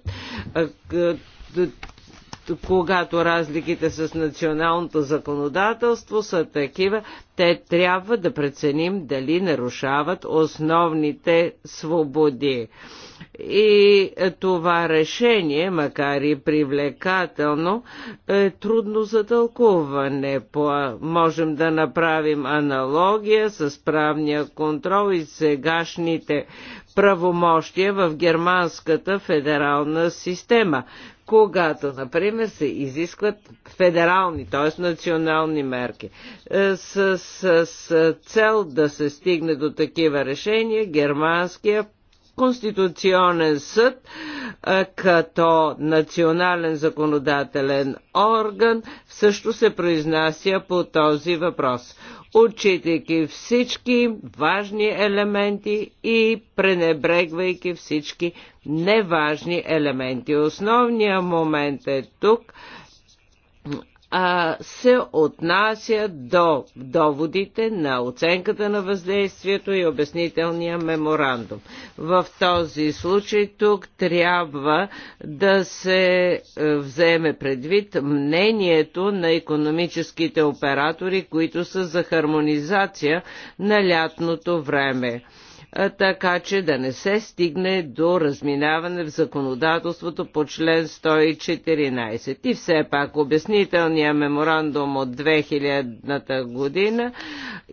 когато разликите с националното законодателство са такива, те трябва да преценим дали нарушават основните свободи. И това решение, макар и привлекателно, е трудно за тълкуване. Можем да направим аналогия с правния контрол и сегашните правомощия в германската федерална система, когато, например, се изискват федерални, т.е. национални мерки. Е, с, с, с цел да се стигне до такива решения, германския Конституционен съд като национален законодателен орган също се произнася по този въпрос, отчитайки всички важни елементи и пренебрегвайки всички неважни елементи. Основният момент е тук а, се отнася до доводите на оценката на въздействието и обяснителния меморандум. В този случай тук трябва да се е, вземе предвид мнението на економическите оператори, които са за хармонизация на лятното време така че да не се стигне до разминаване в законодателството по член 114. И все пак обяснителният меморандум от 2000-та година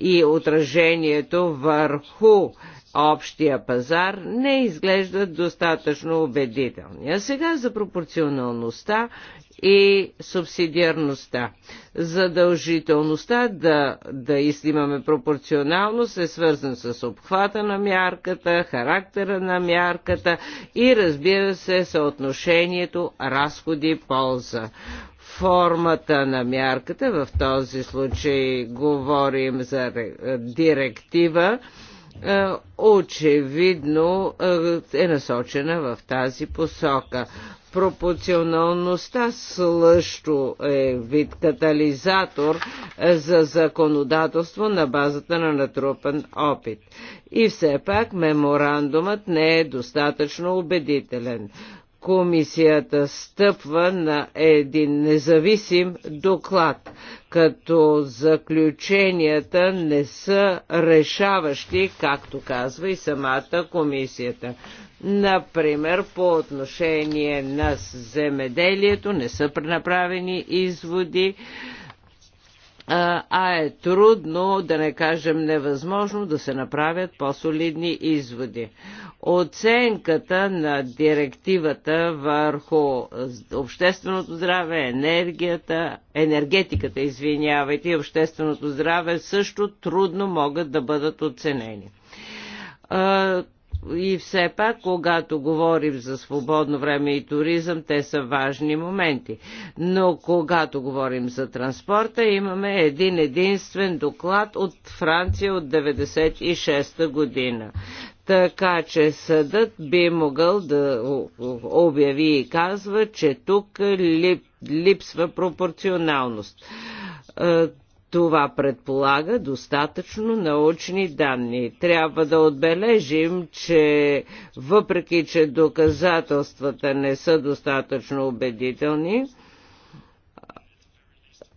и отражението върху общия пазар не изглеждат достатъчно убедителни. А сега за пропорционалността и субсидиарността. Задължителността да, да изнимаме пропорционалност е свързан с обхвата на мярката, характера на мярката и разбира се съотношението разходи-полза формата на мярката, в този случай говорим за директива, е, очевидно е, е насочена в тази посока. Пропорционалността също е вид катализатор е, за законодателство на базата на натрупан опит. И все пак меморандумът не е достатъчно убедителен. Комисията стъпва на един независим доклад, като заключенията не са решаващи, както казва и самата комисията. Например, по отношение на земеделието не са направени изводи а е трудно, да не кажем невъзможно, да се направят по-солидни изводи. Оценката на директивата върху общественото здраве, енергията, енергетиката, извинявайте, и общественото здраве също трудно могат да бъдат оценени и все пак, когато говорим за свободно време и туризъм, те са важни моменти. Но когато говорим за транспорта, имаме един единствен доклад от Франция от 96-та година така че съдът би могъл да обяви и казва, че тук лип, липсва пропорционалност. Е, това предполага достатъчно научни данни. Трябва да отбележим, че въпреки, че доказателствата не са достатъчно убедителни,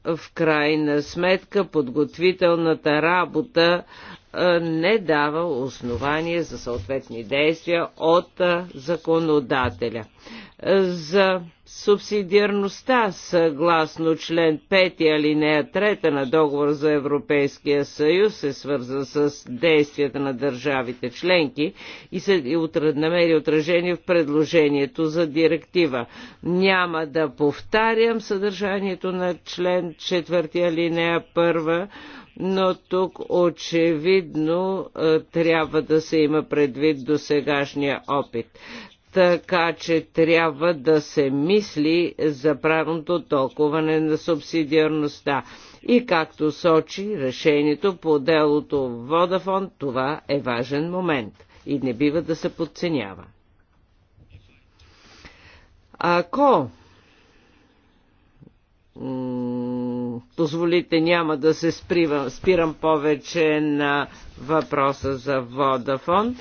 в крайна сметка подготвителната работа не дава основание за съответни действия от законодателя. За Субсидиарността, съгласно член 5 алинея 3 на договор за Европейския съюз, се свърза с действията на държавите членки и се намери отражение в предложението за директива. Няма да повтарям съдържанието на член 4 алинея 1 но тук очевидно е, трябва да се има предвид до сегашния опит така че трябва да се мисли за правилното толковане на субсидиарността. И както сочи решението по делото в Водафон, това е важен момент и не бива да се подценява. Ако позволите, няма да се спирам, спирам повече на въпроса за Водафон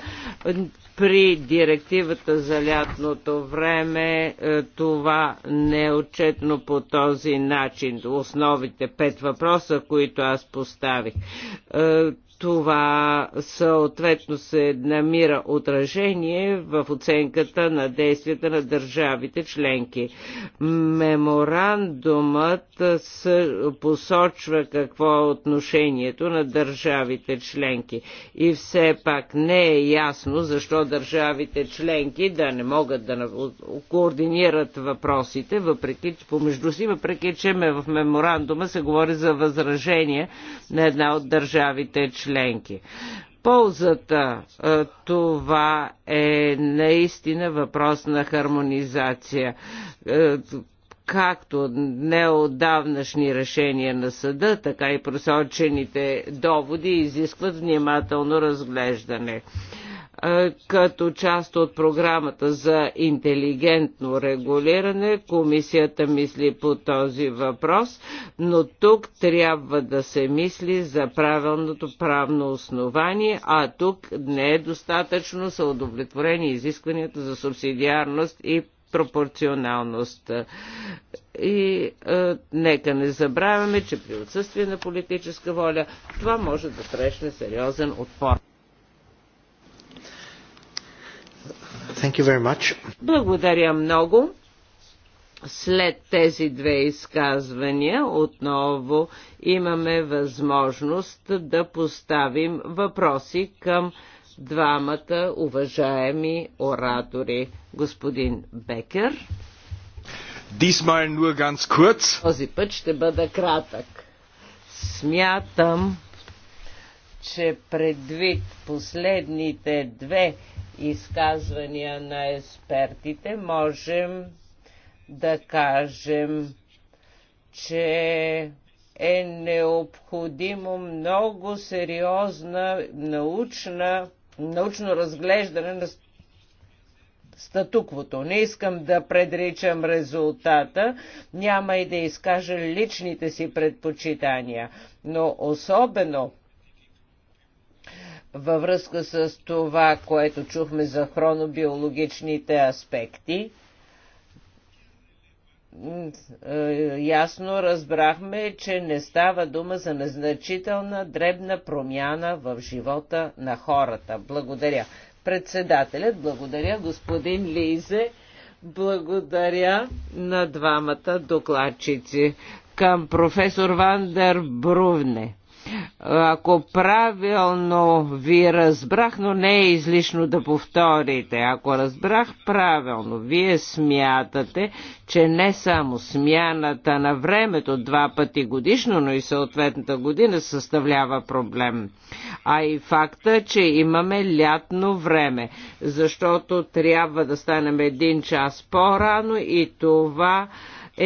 при директивата за лятното време е, това не е отчетно по този начин. Основите пет въпроса, които аз поставих. Е, това съответно се намира отражение в оценката на действията на държавите членки. Меморандумът посочва какво е отношението на държавите членки. И все пак не е ясно защо държавите членки да не могат да координират въпросите въпреки, помежду си, въпреки че в меморандума се говори за възражение на една от държавите членки членки. Ползата е, това е наистина въпрос на хармонизация е, както неодавнашни решения на съда, така и просочените доводи изискват внимателно разглеждане като част от програмата за интелигентно регулиране. Комисията мисли по този въпрос, но тук трябва да се мисли за правилното правно основание, а тук не е достатъчно са удовлетворени изискванията за субсидиарност и пропорционалност. И е, нека не забравяме, че при отсъствие на политическа воля това може да срещне сериозен отпор. Thank you very much. Благодаря много. След тези две изказвания отново имаме възможност да поставим въпроси към двамата уважаеми оратори. Господин Бекер. Diesmal nur ganz kurz. Този път ще бъда кратък. Смятам, че предвид последните две изказвания на експертите, можем да кажем, че е необходимо много сериозна научна, научно разглеждане на статуквото. Не искам да предричам резултата, няма и да изкажа личните си предпочитания, но особено във връзка с това, което чухме за хронобиологичните аспекти, е, ясно разбрахме, че не става дума за незначителна дребна промяна в живота на хората. Благодаря. Председателят, благодаря господин Лизе, благодаря на двамата докладчици към професор Вандер Брувне. Ако правилно ви разбрах, но не е излишно да повторите, ако разбрах правилно, вие смятате, че не само смяната на времето два пъти годишно, но и съответната година съставлява проблем, а и факта, че имаме лятно време, защото трябва да станем един час по-рано и това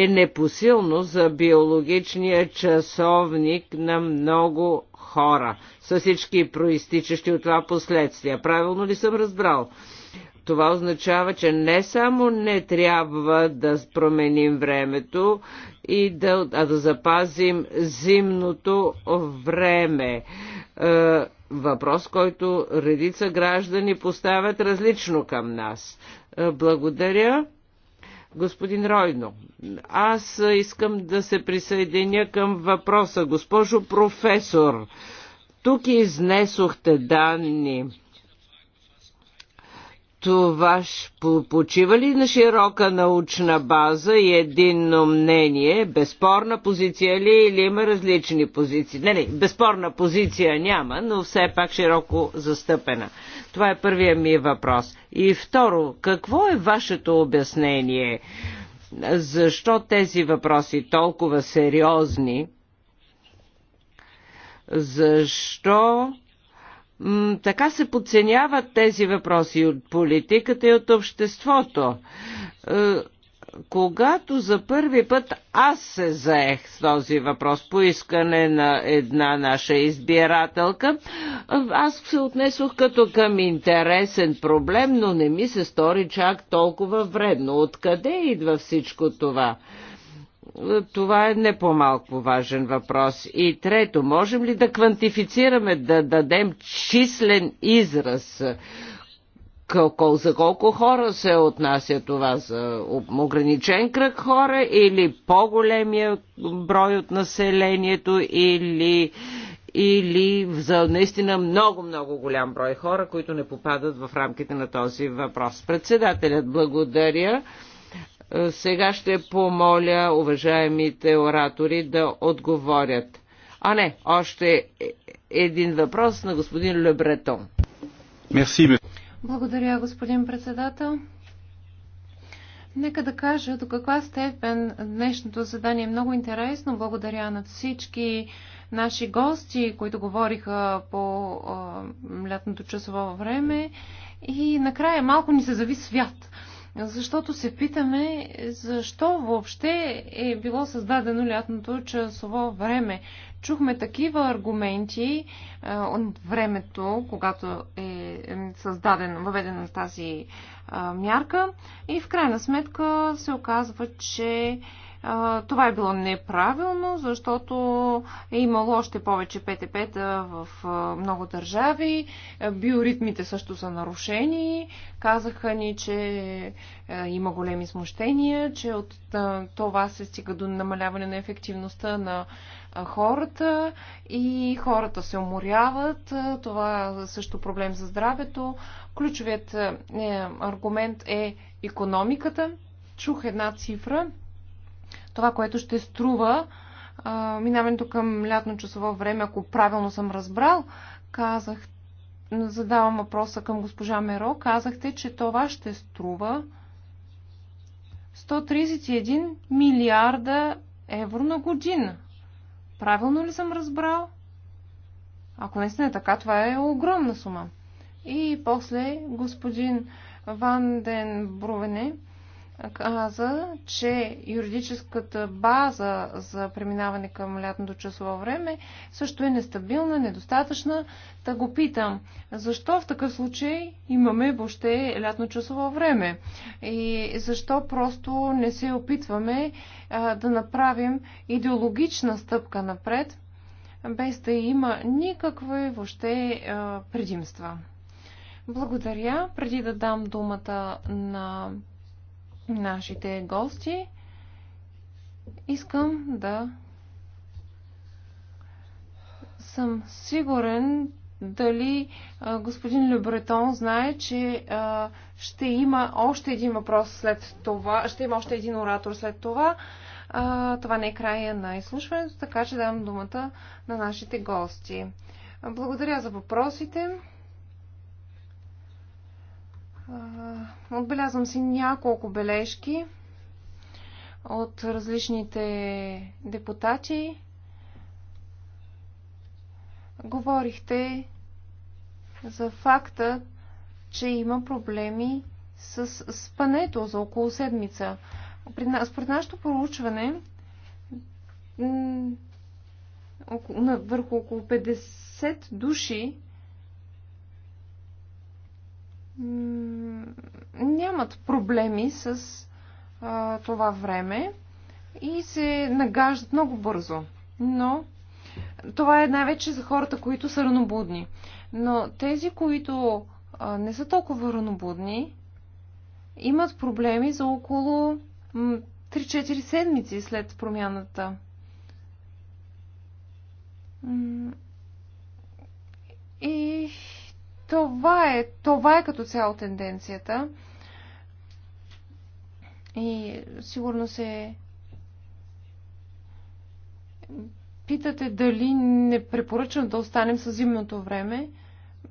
е непосилно за биологичния часовник на много хора, с всички проистичащи от това последствия. Правилно ли съм разбрал? Това означава, че не само не трябва да променим времето, и да, а да запазим зимното време. Е, въпрос, който редица граждани поставят различно към нас. Е, благодаря. Господин Ройно, аз искам да се присъединя към въпроса. Госпожо професор, тук изнесохте данни това почива ли на широка научна база и единно мнение? Безспорна позиция ли или има различни позиции? Не, не, безспорна позиция няма, но все пак широко застъпена. Това е първия ми въпрос. И второ, какво е вашето обяснение? Защо тези въпроси толкова сериозни? Защо така се подценяват тези въпроси от политиката и от обществото. Е, когато за първи път аз се заех с този въпрос по искане на една наша избирателка, аз се отнесох като към интересен проблем, но не ми се стори чак толкова вредно. Откъде идва всичко това? Това е не по-малко важен въпрос. И трето, можем ли да квантифицираме, да дадем числен израз? за колко хора се отнася това? За ограничен кръг хора или по-големия брой от населението или, или за наистина много-много голям брой хора, които не попадат в рамките на този въпрос? Председателят благодаря. Е, сега ще помоля уважаемите оратори да отговорят. А не, още е- един въпрос на господин Лебретон. Мерси. Благодаря, господин председател. Нека да кажа до каква степен днешното задание е много интересно. Благодаря на всички наши гости, които говориха по а, лятното часово време. И накрая малко ни се зави свят защото се питаме защо въобще е било създадено лятното часово време. Чухме такива аргументи е, от времето, когато е, е създадено, въведена тази е, мярка и в крайна сметка се оказва, че това е било неправилно, защото е имало още повече ПТП-та в много държави. Биоритмите също са нарушени. Казаха ни, че има големи смущения, че от това се стига до намаляване на ефективността на хората и хората се уморяват. Това е също проблем за здравето. Ключовият е, аргумент е економиката. Чух една цифра – това, което ще струва минаването към лятно часово време, ако правилно съм разбрал, казах, задавам въпроса към госпожа Меро, казахте, че това ще струва 131 милиарда евро на година. Правилно ли съм разбрал? Ако наистина е така, това е огромна сума. И после господин Ван Ден Брувене каза, че юридическата база за преминаване към лятното часово време също е нестабилна, недостатъчна. Та го питам, защо в такъв случай имаме въобще лятно часово време? И защо просто не се опитваме а, да направим идеологична стъпка напред, без да има никакви въобще а, предимства? Благодаря. Преди да дам думата на нашите гости. Искам да съм сигурен дали а, господин Любретон знае, че а, ще има още един въпрос след това, ще има още един оратор след това. А, това не е края на изслушването, така че давам думата на нашите гости. Благодаря за въпросите. Отбелязвам си няколко бележки от различните депутати. Говорихте за факта, че има проблеми с спането за около седмица. Според нашето проучване, върху около 50 души нямат проблеми с а, това време и се нагаждат много бързо. Но това е най-вече за хората, които са ранобудни. Но тези, които а, не са толкова ранобудни, имат проблеми за около 3-4 седмици след промяната. И това е, това е като цяло тенденцията. И сигурно се питате дали не препоръчвам да останем с зимното време.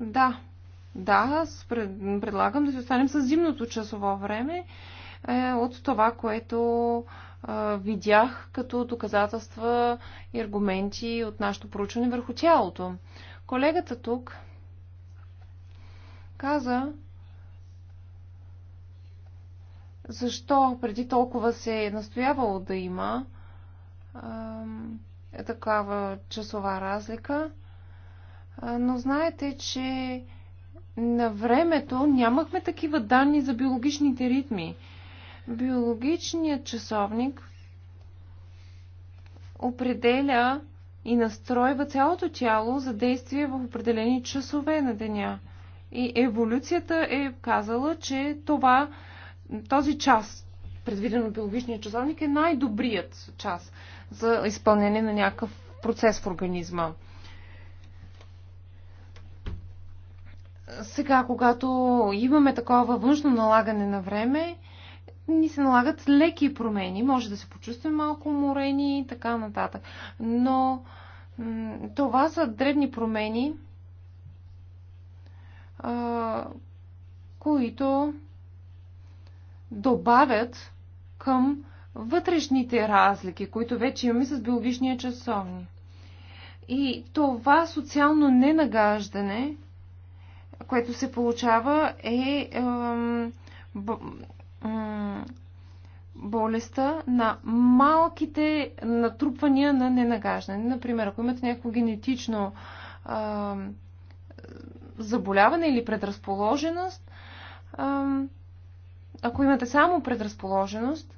Да, да, аз предлагам да си останем с зимното часово време е, от това, което е, видях като доказателства и аргументи от нашето проучване върху тялото. Колегата тук каза защо преди толкова се е настоявало да има е такава часова разлика. Но знаете, че на времето нямахме такива данни за биологичните ритми. Биологичният часовник определя и настройва цялото тяло за действие в определени часове на деня – и еволюцията е казала, че това, този час, предвиден от биологичния часовник, е най-добрият час за изпълнение на някакъв процес в организма. Сега, когато имаме такова външно налагане на време, ни се налагат леки промени. Може да се почувстваме малко уморени и така нататък. Но това са древни промени, които добавят към вътрешните разлики, които вече имаме с биологичния часовник. И това социално ненагаждане, което се получава, е, болестта на малките натрупвания на ненагаждане. Например, ако имате някакво генетично заболяване или предразположеност, ако имате само предразположеност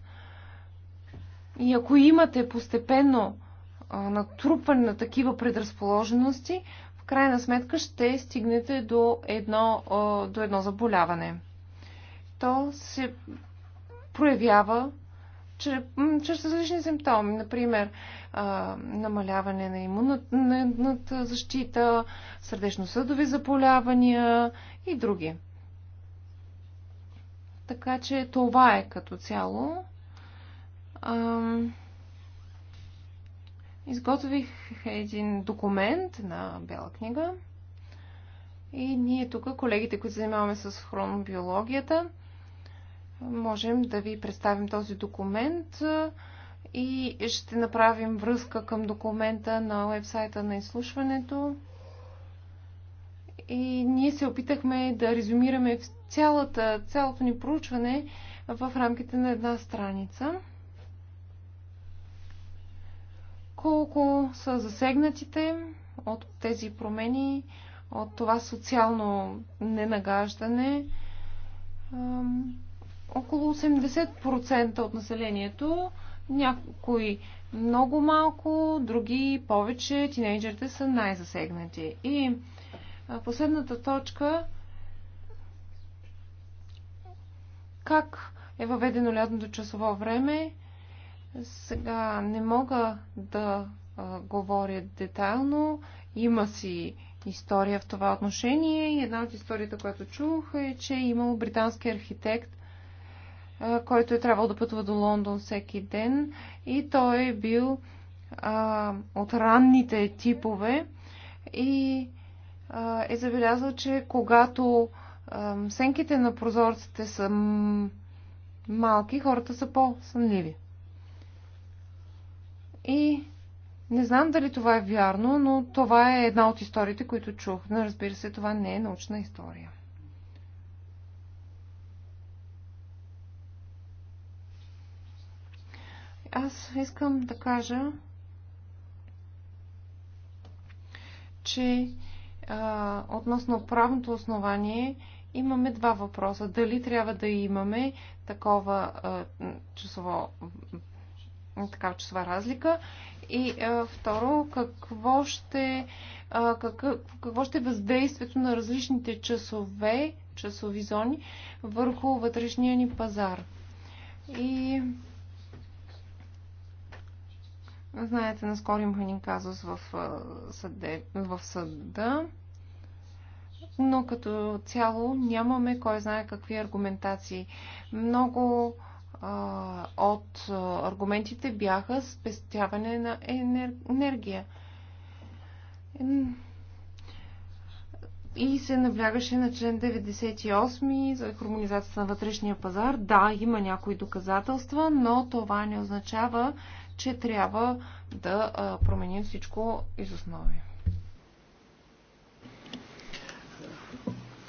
и ако имате постепенно натрупване на такива предразположености, в крайна сметка ще стигнете до едно, до едно заболяване. То се проявява чрез различни симптоми, например а, намаляване на имунната защита, сърдечно-съдови заболявания и други. Така че това е като цяло. А, изготвих един документ на Бяла книга и ние тук, колегите, които занимаваме с хронобиологията, можем да ви представим този документ и ще направим връзка към документа на вебсайта на изслушването. И ние се опитахме да резюмираме цялата, цялото ни проучване в рамките на една страница. Колко са засегнатите от тези промени, от това социално ненагаждане? около 80% от населението, някои много малко, други повече, тинейджерите са най-засегнати. И последната точка как е въведено лятното часово време. Сега не мога да а, говоря детайлно. Има си история в това отношение. една от историята, която чух е, че е имал британски архитект, който е трябвало да пътува до Лондон всеки ден и той е бил а, от ранните типове и а, е забелязал, че когато а, сенките на прозорците са малки, хората са по-сънливи. И не знам дали това е вярно, но това е една от историите, които чух. Но разбира се, това не е научна история. Аз искам да кажа, че а, относно правното основание имаме два въпроса. Дали трябва да имаме такова а, часово, такава часова разлика и а, второ, какво ще, а, какъв, какво ще е въздействието на различните часове, часови зони върху вътрешния ни пазар. И Знаете, наскоро имах един казус в, съде, в съда, но като цяло нямаме кой знае какви аргументации. Много а, от аргументите бяха спестяване на енер... енергия. И се наблягаше на член 98 за хармонизацията на вътрешния пазар. Да, има някои доказателства, но това не означава, че трябва да променим всичко из основи.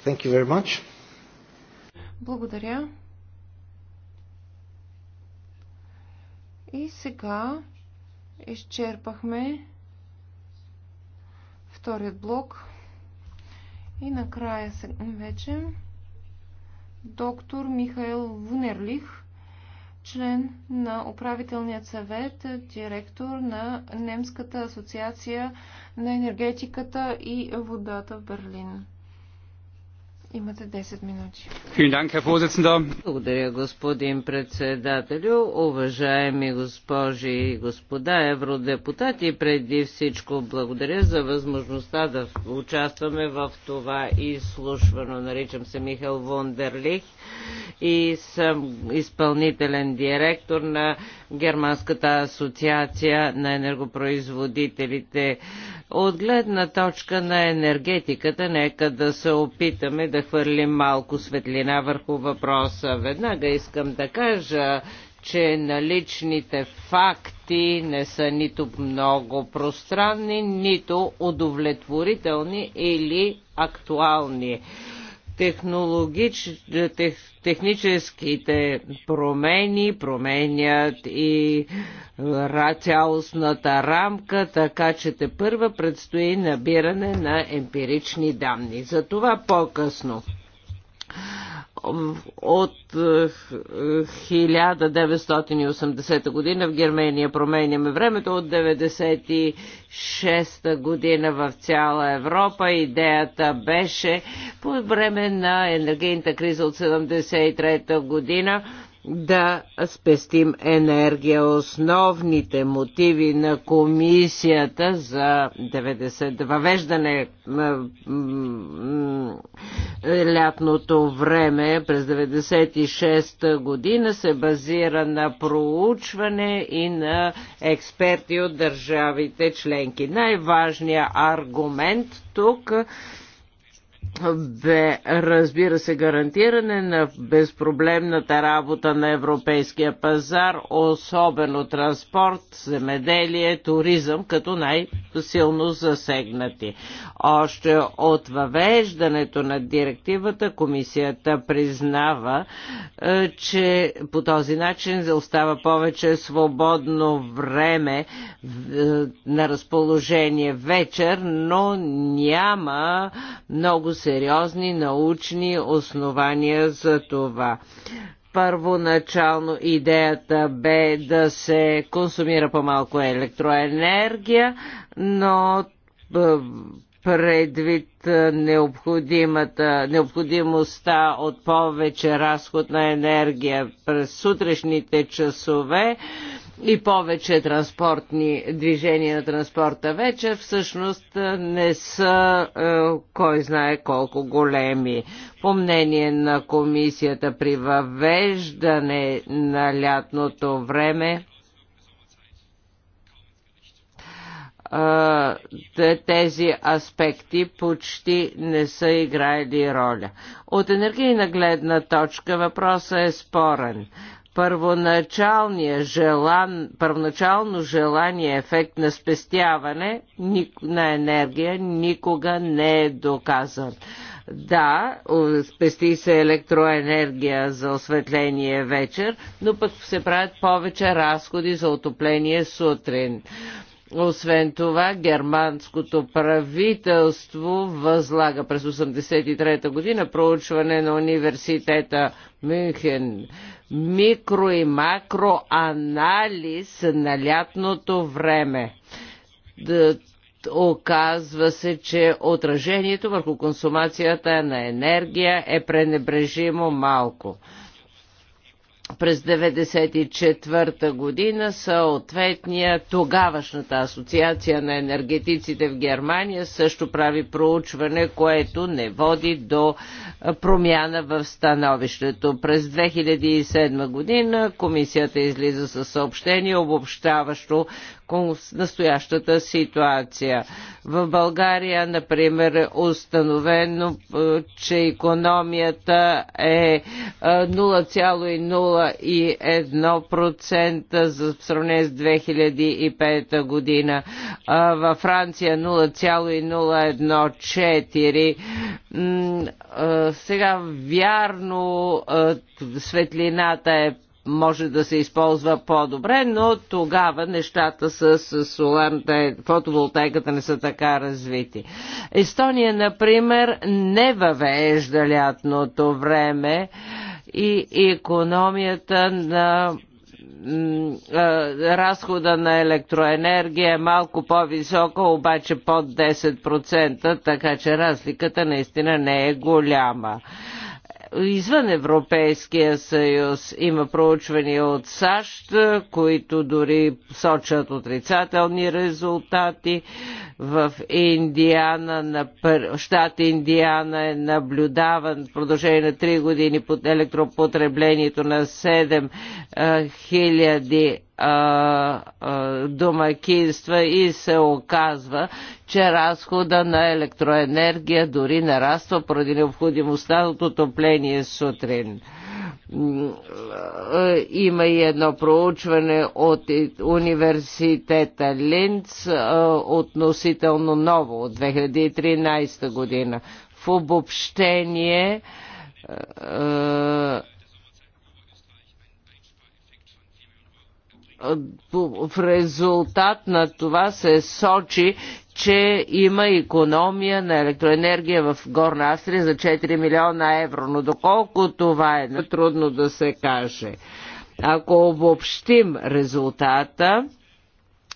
Thank you very much. Благодаря. И сега изчерпахме вторият блок. И накрая вече доктор Михаил Вунерлих член на управителният съвет, директор на Немската асоциация на енергетиката и водата в Берлин. Имате 10 минути. Благодаря, господин председателю. Уважаеми госпожи и господа евродепутати, преди всичко благодаря за възможността да участваме в това изслушване. Наричам се Михел Вондерлих и съм изпълнителен директор на Германската асоциация на енергопроизводителите. От гледна точка на енергетиката, нека да се опитаме да хвърлим малко светлина върху въпроса. Веднага искам да кажа, че наличните факти не са нито много пространни, нито удовлетворителни или актуални технологич, тех, техническите промени променят и цялостната рамка, така че те първа предстои набиране на емпирични данни. За това по-късно от 1980 е, година в Германия променяме времето, от 96 година в цяла Европа. Идеята беше по време на енергийната криза от 73 година да спестим енергия. Основните мотиви на комисията за 90, въвеждане на лятното време през 96 година се базира на проучване и на експерти от държавите членки. Най-важният аргумент тук е, бе, разбира се, гарантиране на безпроблемната работа на европейския пазар, особено транспорт, земеделие, туризъм, като най-силно засегнати. Още от въвеждането на директивата комисията признава, е, че по този начин остава повече свободно време е, на разположение вечер, но няма много се сериозни научни основания за това. Първоначално идеята бе да се консумира по-малко електроенергия, но предвид необходимата, необходимостта от повече разход на енергия през сутрешните часове, и повече транспортни движения на транспорта вече всъщност не са кой знае колко големи. По мнение на комисията при въвеждане на лятното време тези аспекти почти не са играели роля. От енергийна гледна точка въпросът е спорен първоначалния желан, първоначално желание ефект на спестяване на енергия никога не е доказан. Да, спести се електроенергия за осветление вечер, но пък се правят повече разходи за отопление сутрин. Освен това, германското правителство възлага през 1983 година проучване на университета Мюнхен микро и макроанализ на лятното време. Оказва се, че отражението върху консумацията на енергия е пренебрежимо малко през 1994 година съответния тогавашната асоциация на енергетиците в Германия също прави проучване, което не води до промяна в становището. През 2007 година комисията излиза със съобщение, обобщаващо настоящата ситуация. В България, например, е установено, е, че економията е 0,01% е, за сравнение с 2005 година. Във Франция 0,014. Сега вярно светлината е може да се използва по-добре, но тогава нещата с соларната фотоволтайката не са така развити. Естония, например, не въвежда лятното време и економията на разхода на електроенергия е малко по-висока, обаче под 10%, така че разликата наистина не е голяма извън Европейския съюз. Има проучвания от САЩ, които дори сочат отрицателни резултати в Индиана, на щат Индиана е наблюдаван в продължение на 3 години под електропотреблението на 7 хиляди домакинства и се оказва, че разхода на електроенергия дори нараства поради необходимостта от отопление сутрин. Има и едно проучване от университета Линц относително ново от 2013 година. В обобщение в резултат на това се сочи, че има економия на електроенергия в Горна Австрия за 4 милиона евро, но доколко това е трудно да се каже. Ако обобщим резултата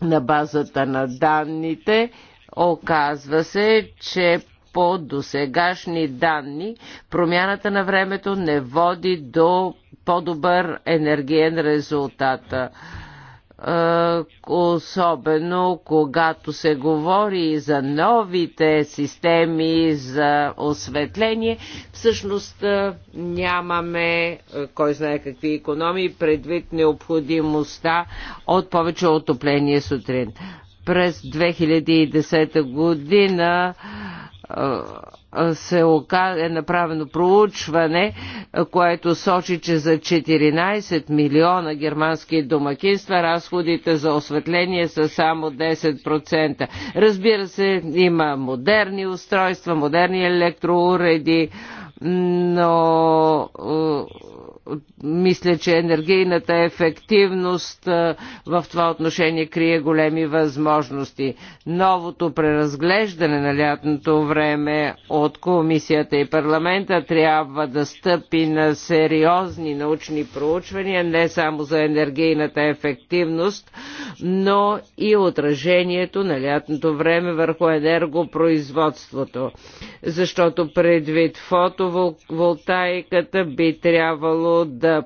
на базата на данните, оказва се, че по досегашни данни, промяната на времето не води до по-добър енергиен резултат особено когато се говори за новите системи за осветление, всъщност нямаме кой знае какви економии предвид необходимостта от повече отопление сутрин. През 2010 година се е направено проучване, което сочи, че за 14 милиона германски домакинства разходите за осветление са само 10%. Разбира се, има модерни устройства, модерни електроуреди, но мисля, че енергийната ефективност в това отношение крие големи възможности. Новото преразглеждане на лятното време от комисията и парламента трябва да стъпи на сериозни научни проучвания, не само за енергийната ефективност, но и отражението на лятното време върху енергопроизводството. Защото предвид фотоволтайката би трябвало да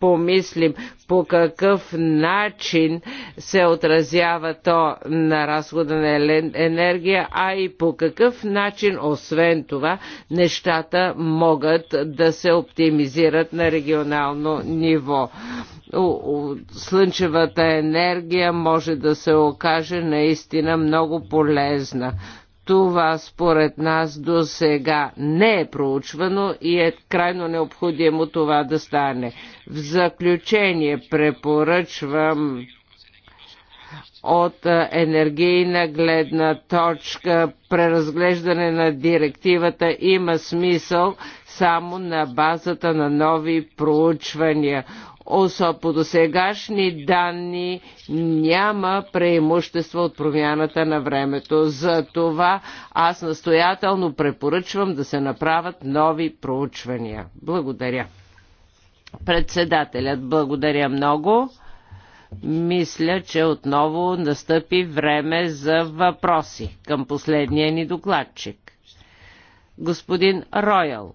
помислим по какъв начин се отразява то на разхода на енергия, а и по какъв начин, освен това, нещата могат да се оптимизират на регионално ниво. Слънчевата енергия може да се окаже наистина много полезна това според нас до сега не е проучвано и е крайно необходимо това да стане. В заключение препоръчвам от енергийна гледна точка преразглеждане на директивата има смисъл само на базата на нови проучвания. Осо по досегашни данни няма преимущество от промяната на времето. За това аз настоятелно препоръчвам да се направят нови проучвания. Благодаря. Председателят, благодаря много. Мисля, че отново настъпи време за въпроси към последния ни докладчик. Господин Роял.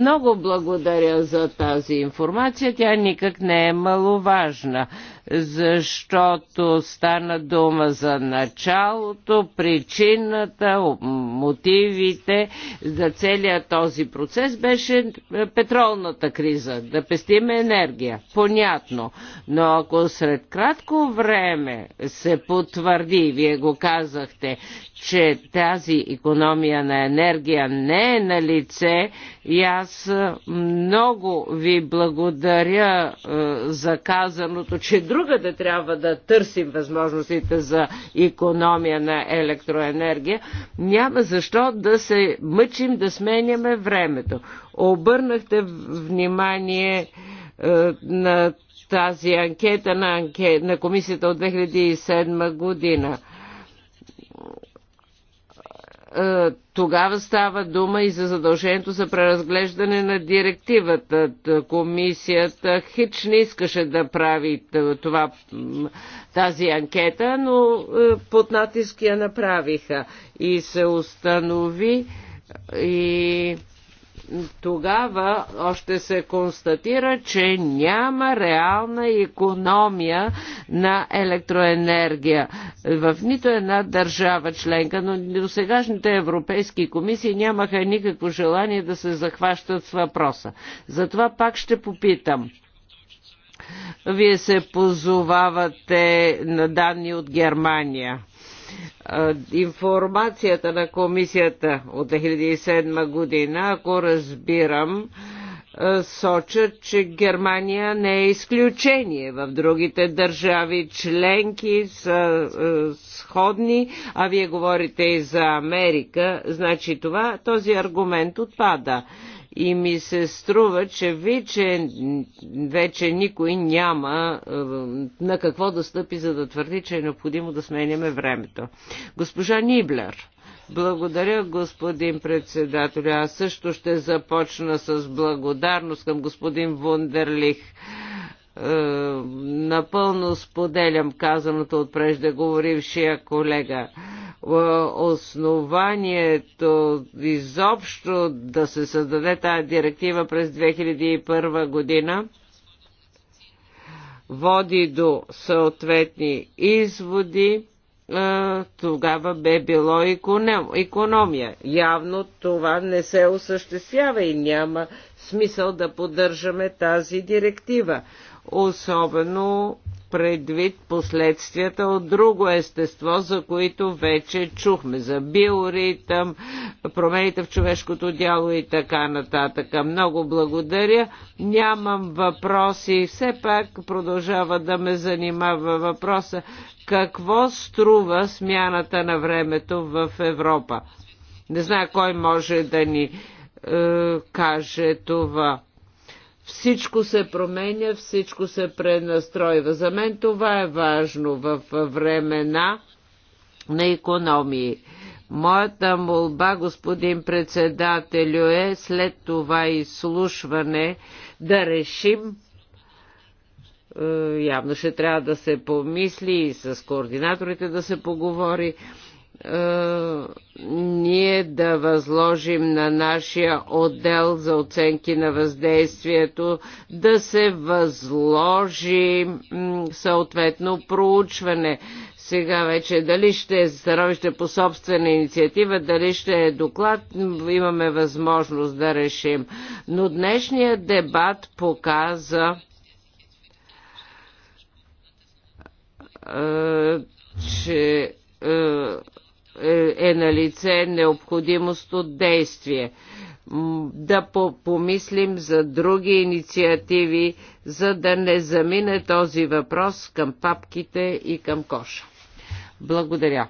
Много благодаря за тази информация. Тя никак не е маловажна защото стана дума за началото, причината, мотивите за целият този процес беше петролната криза, да пестим енергия. Понятно. Но ако сред кратко време се потвърди, вие го казахте, че тази економия на енергия не е на лице и аз много ви благодаря е, за казаното, че Друга да трябва да търсим възможностите за економия на електроенергия, няма защо да се мъчим да сменяме времето. Обърнахте внимание е, на тази анкета на, анкет, на комисията от 2007 година. Е, тогава става дума и за задължението за преразглеждане на директивата. Комисията хич не искаше да прави това, тази анкета, но е, под натиск я направиха и се установи и тогава още се констатира, че няма реална економия на електроенергия в нито една държава членка, но до сегашните европейски комисии нямаха никакво желание да се захващат с въпроса. Затова пак ще попитам. Вие се позовавате на данни от Германия Информацията на комисията от 2007 година, ако разбирам, сочат, че Германия не е изключение. В другите държави членки са сходни, а вие говорите и за Америка. Значи това, този аргумент отпада и ми се струва, че вече, вече никой няма е, на какво да стъпи, за да твърди, че е необходимо да сменяме времето. Госпожа Ниблер. Благодаря, господин председател. Аз също ще започна с благодарност към господин Вундерлих е, напълно споделям казаното от преждеговорившия колега. Е, основанието изобщо да се създаде тази директива през 2001 година води до съответни изводи, е, тогава бе било економия. Явно това не се осъществява и няма смисъл да поддържаме тази директива особено предвид последствията от друго естество, за които вече чухме, за биоритъм, промените в човешкото дяло и така нататък. Много благодаря. Нямам въпроси. Все пак продължава да ме занимава въпроса какво струва смяната на времето в Европа. Не знам кой може да ни е, каже това. Всичко се променя, всичко се пренастройва. За мен това е важно в времена на економии. Моята молба, господин председателю, е след това изслушване да решим е, явно ще трябва да се помисли и с координаторите да се поговори е, ние да възложим на нашия отдел за оценки на въздействието да се възложи съответно проучване. Сега вече дали ще е становище по собствена инициатива, дали ще е доклад, имаме възможност да решим. Но днешният дебат показа е, че е, е, е на лице необходимост от действие. Да помислим за други инициативи, за да не замине този въпрос към папките и към коша. Благодаря.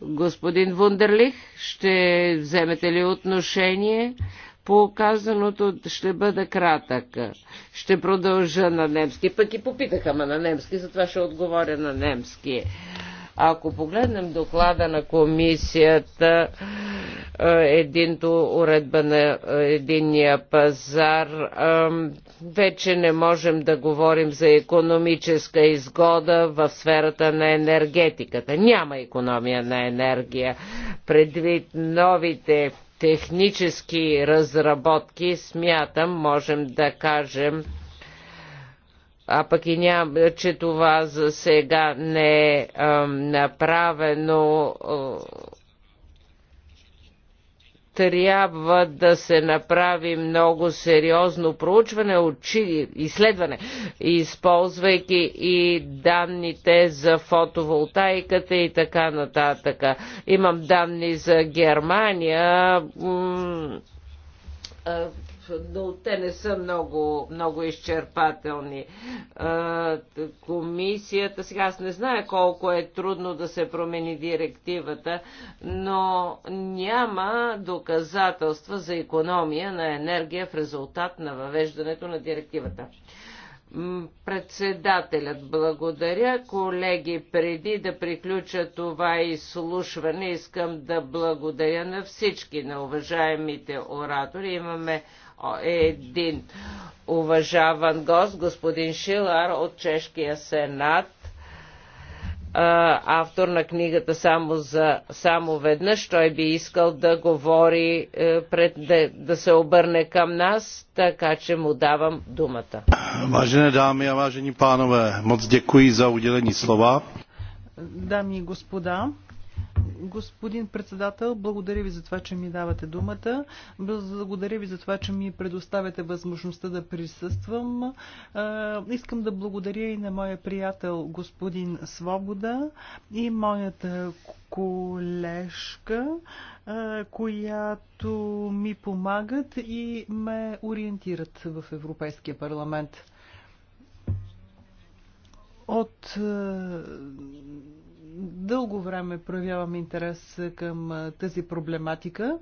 Господин Вундерлих, ще вземете ли отношение? По казаното ще бъда кратък. Ще продължа на немски. Пък и попитаха ме на немски, затова ще отговоря на немски. Ако погледнем доклада на комисията, е, единто уредба на е, единния пазар, е, вече не можем да говорим за економическа изгода в сферата на енергетиката. Няма економия на енергия. Предвид новите технически разработки, смятам, можем да кажем, а пък и няма, че това за сега не е направено. трябва да се направи много сериозно проучване, очи, изследване, използвайки и данните за фотоволтайката и така нататък. Имам данни за Германия но те не са много, много изчерпателни. Комисията, сега аз не знае колко е трудно да се промени директивата, но няма доказателства за економия на енергия в резултат на въвеждането на директивата председателят. Благодаря, колеги. Преди да приключа това изслушване, искам да благодаря на всички, на уважаемите оратори. Имаме един уважаван гост, господин Шилар от Чешкия сенат, автор на книгата само, за, само веднъж. Той би искал да говори, е, пред, да, да се обърне към нас, така че му давам думата. Важене дами и важени панове, моц дякуи за уделени слова. Дами и господа, Господин председател, благодаря ви за това, че ми давате думата. Благодаря ви за това, че ми предоставяте възможността да присъствам. Искам да благодаря и на моя приятел господин Свобода и моята колежка, която ми помагат и ме ориентират в Европейския парламент. От дълго време проявявам интерес към тази проблематика.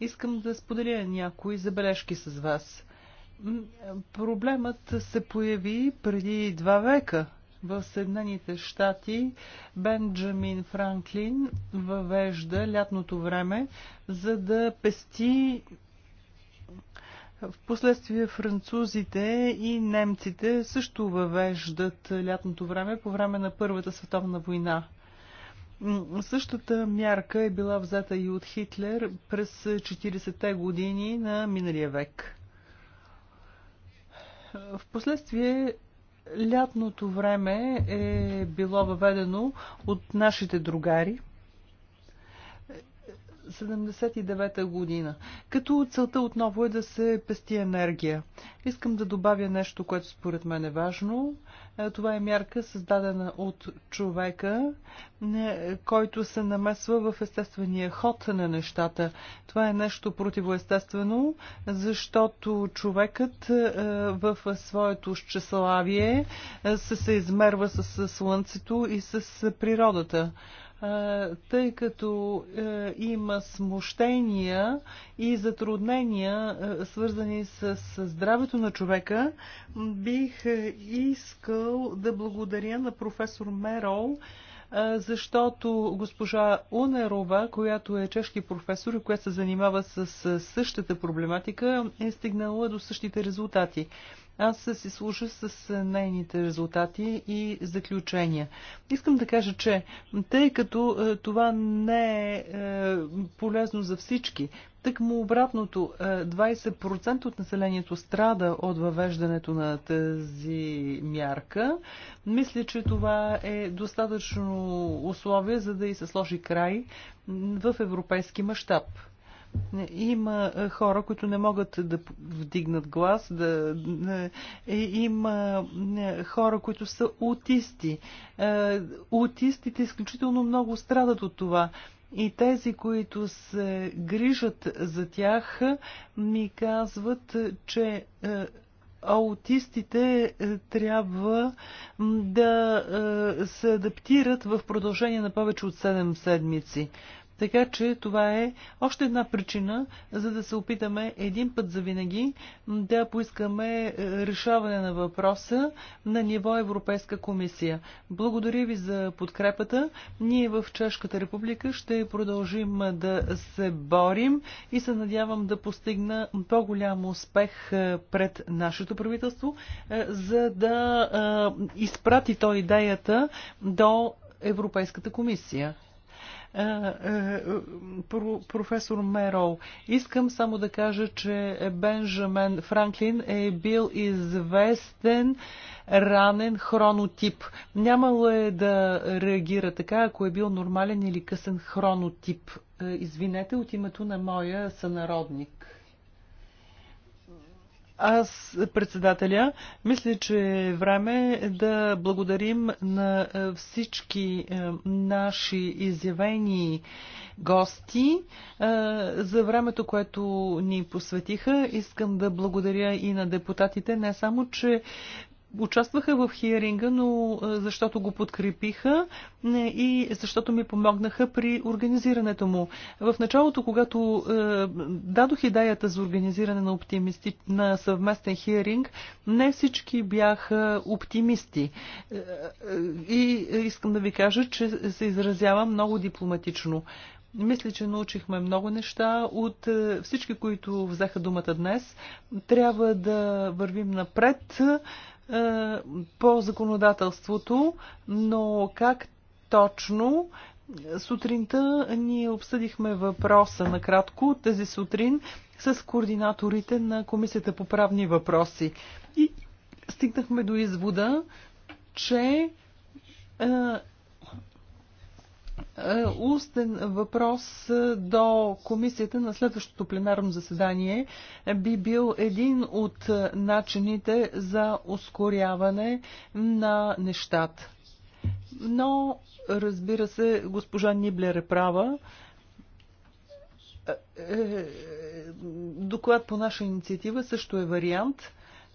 Искам да споделя някои забележки с вас. Проблемът се появи преди два века. В Съединените щати Бенджамин Франклин въвежда лятното време, за да пести в последствие французите и немците също въвеждат лятното време по време на Първата световна война. Същата мярка е била взета и от Хитлер през 40-те години на миналия век. Впоследствие лятното време е било въведено от нашите другари – 79-та година. Като целта отново е да се пести енергия. Искам да добавя нещо, което според мен е важно. Е, това е мярка създадена от човека, е, който се намесва в естествения ход на нещата. Това е нещо противоестествено, защото човекът е, в своето щеславие се измерва с слънцето и с природата тъй като е, има смущения и затруднения, е, свързани с здравето на човека, бих е, искал да благодаря на професор Мерол защото госпожа Унерова, която е чешки професор и която се занимава с същата проблематика, е стигнала до същите резултати. Аз си служа с нейните резултати и заключения. Искам да кажа, че тъй като това не е полезно за всички, Так му обратното, 20% е, от населението страда от въвеждането на тази мярка. Мисля, че това е достатъчно условие, за да и се сложи край в европейски мащаб. Има е, хора, които не могат да вдигнат глас, да, е, има хора, които са аутисти. Аутистите изключително много страдат от това и тези, които се грижат за тях, ми казват, че е, аутистите е, трябва да е, се адаптират в продължение на повече от 7 седмици. Така че това е още една причина, за да се опитаме един път за винаги да поискаме е, решаване на въпроса на ниво Европейска комисия. Благодаря ви за подкрепата. Ние в Чешката република ще продължим да се борим и се надявам да постигна по-голям успех е, пред нашето правителство, е, за да изпрати то идеята до Европейската комисия. Е, е, професор Мерол. Искам само да кажа, че Бенджамен Франклин е бил известен ранен хронотип. Нямало е да реагира така, ако е бил нормален или късен хронотип. Е, извинете от името на моя сънародник. Аз, председателя, мисля, че е време да благодарим на е, всички е, наши изявени гости е, за времето, което ни посветиха. Искам да благодаря и на депутатите, не само, че участваха в хиеринга, но защото го подкрепиха и защото ми помогнаха при организирането му. В началото, когато дадох идеята за организиране на, оптимисти... на съвместен хиеринг, не всички бяха оптимисти. И искам да ви кажа, че се изразява много дипломатично. Мисля, че научихме много неща от всички, които взеха думата днес. Трябва да вървим напред. Е, по законодателството, но как точно Сутринта ние обсъдихме въпроса накратко тази сутрин с координаторите на Комисията по правни въпроси. И стигнахме до извода, че е, е, устен въпрос е, до комисията на следващото пленарно заседание би бил един от е, начините за ускоряване на нещата. Но, разбира се, госпожа Ниблер е права. Доклад по наша инициатива също е вариант.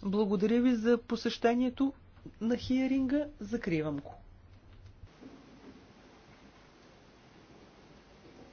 Благодаря ви за посещението на хиеринга. Закривам го.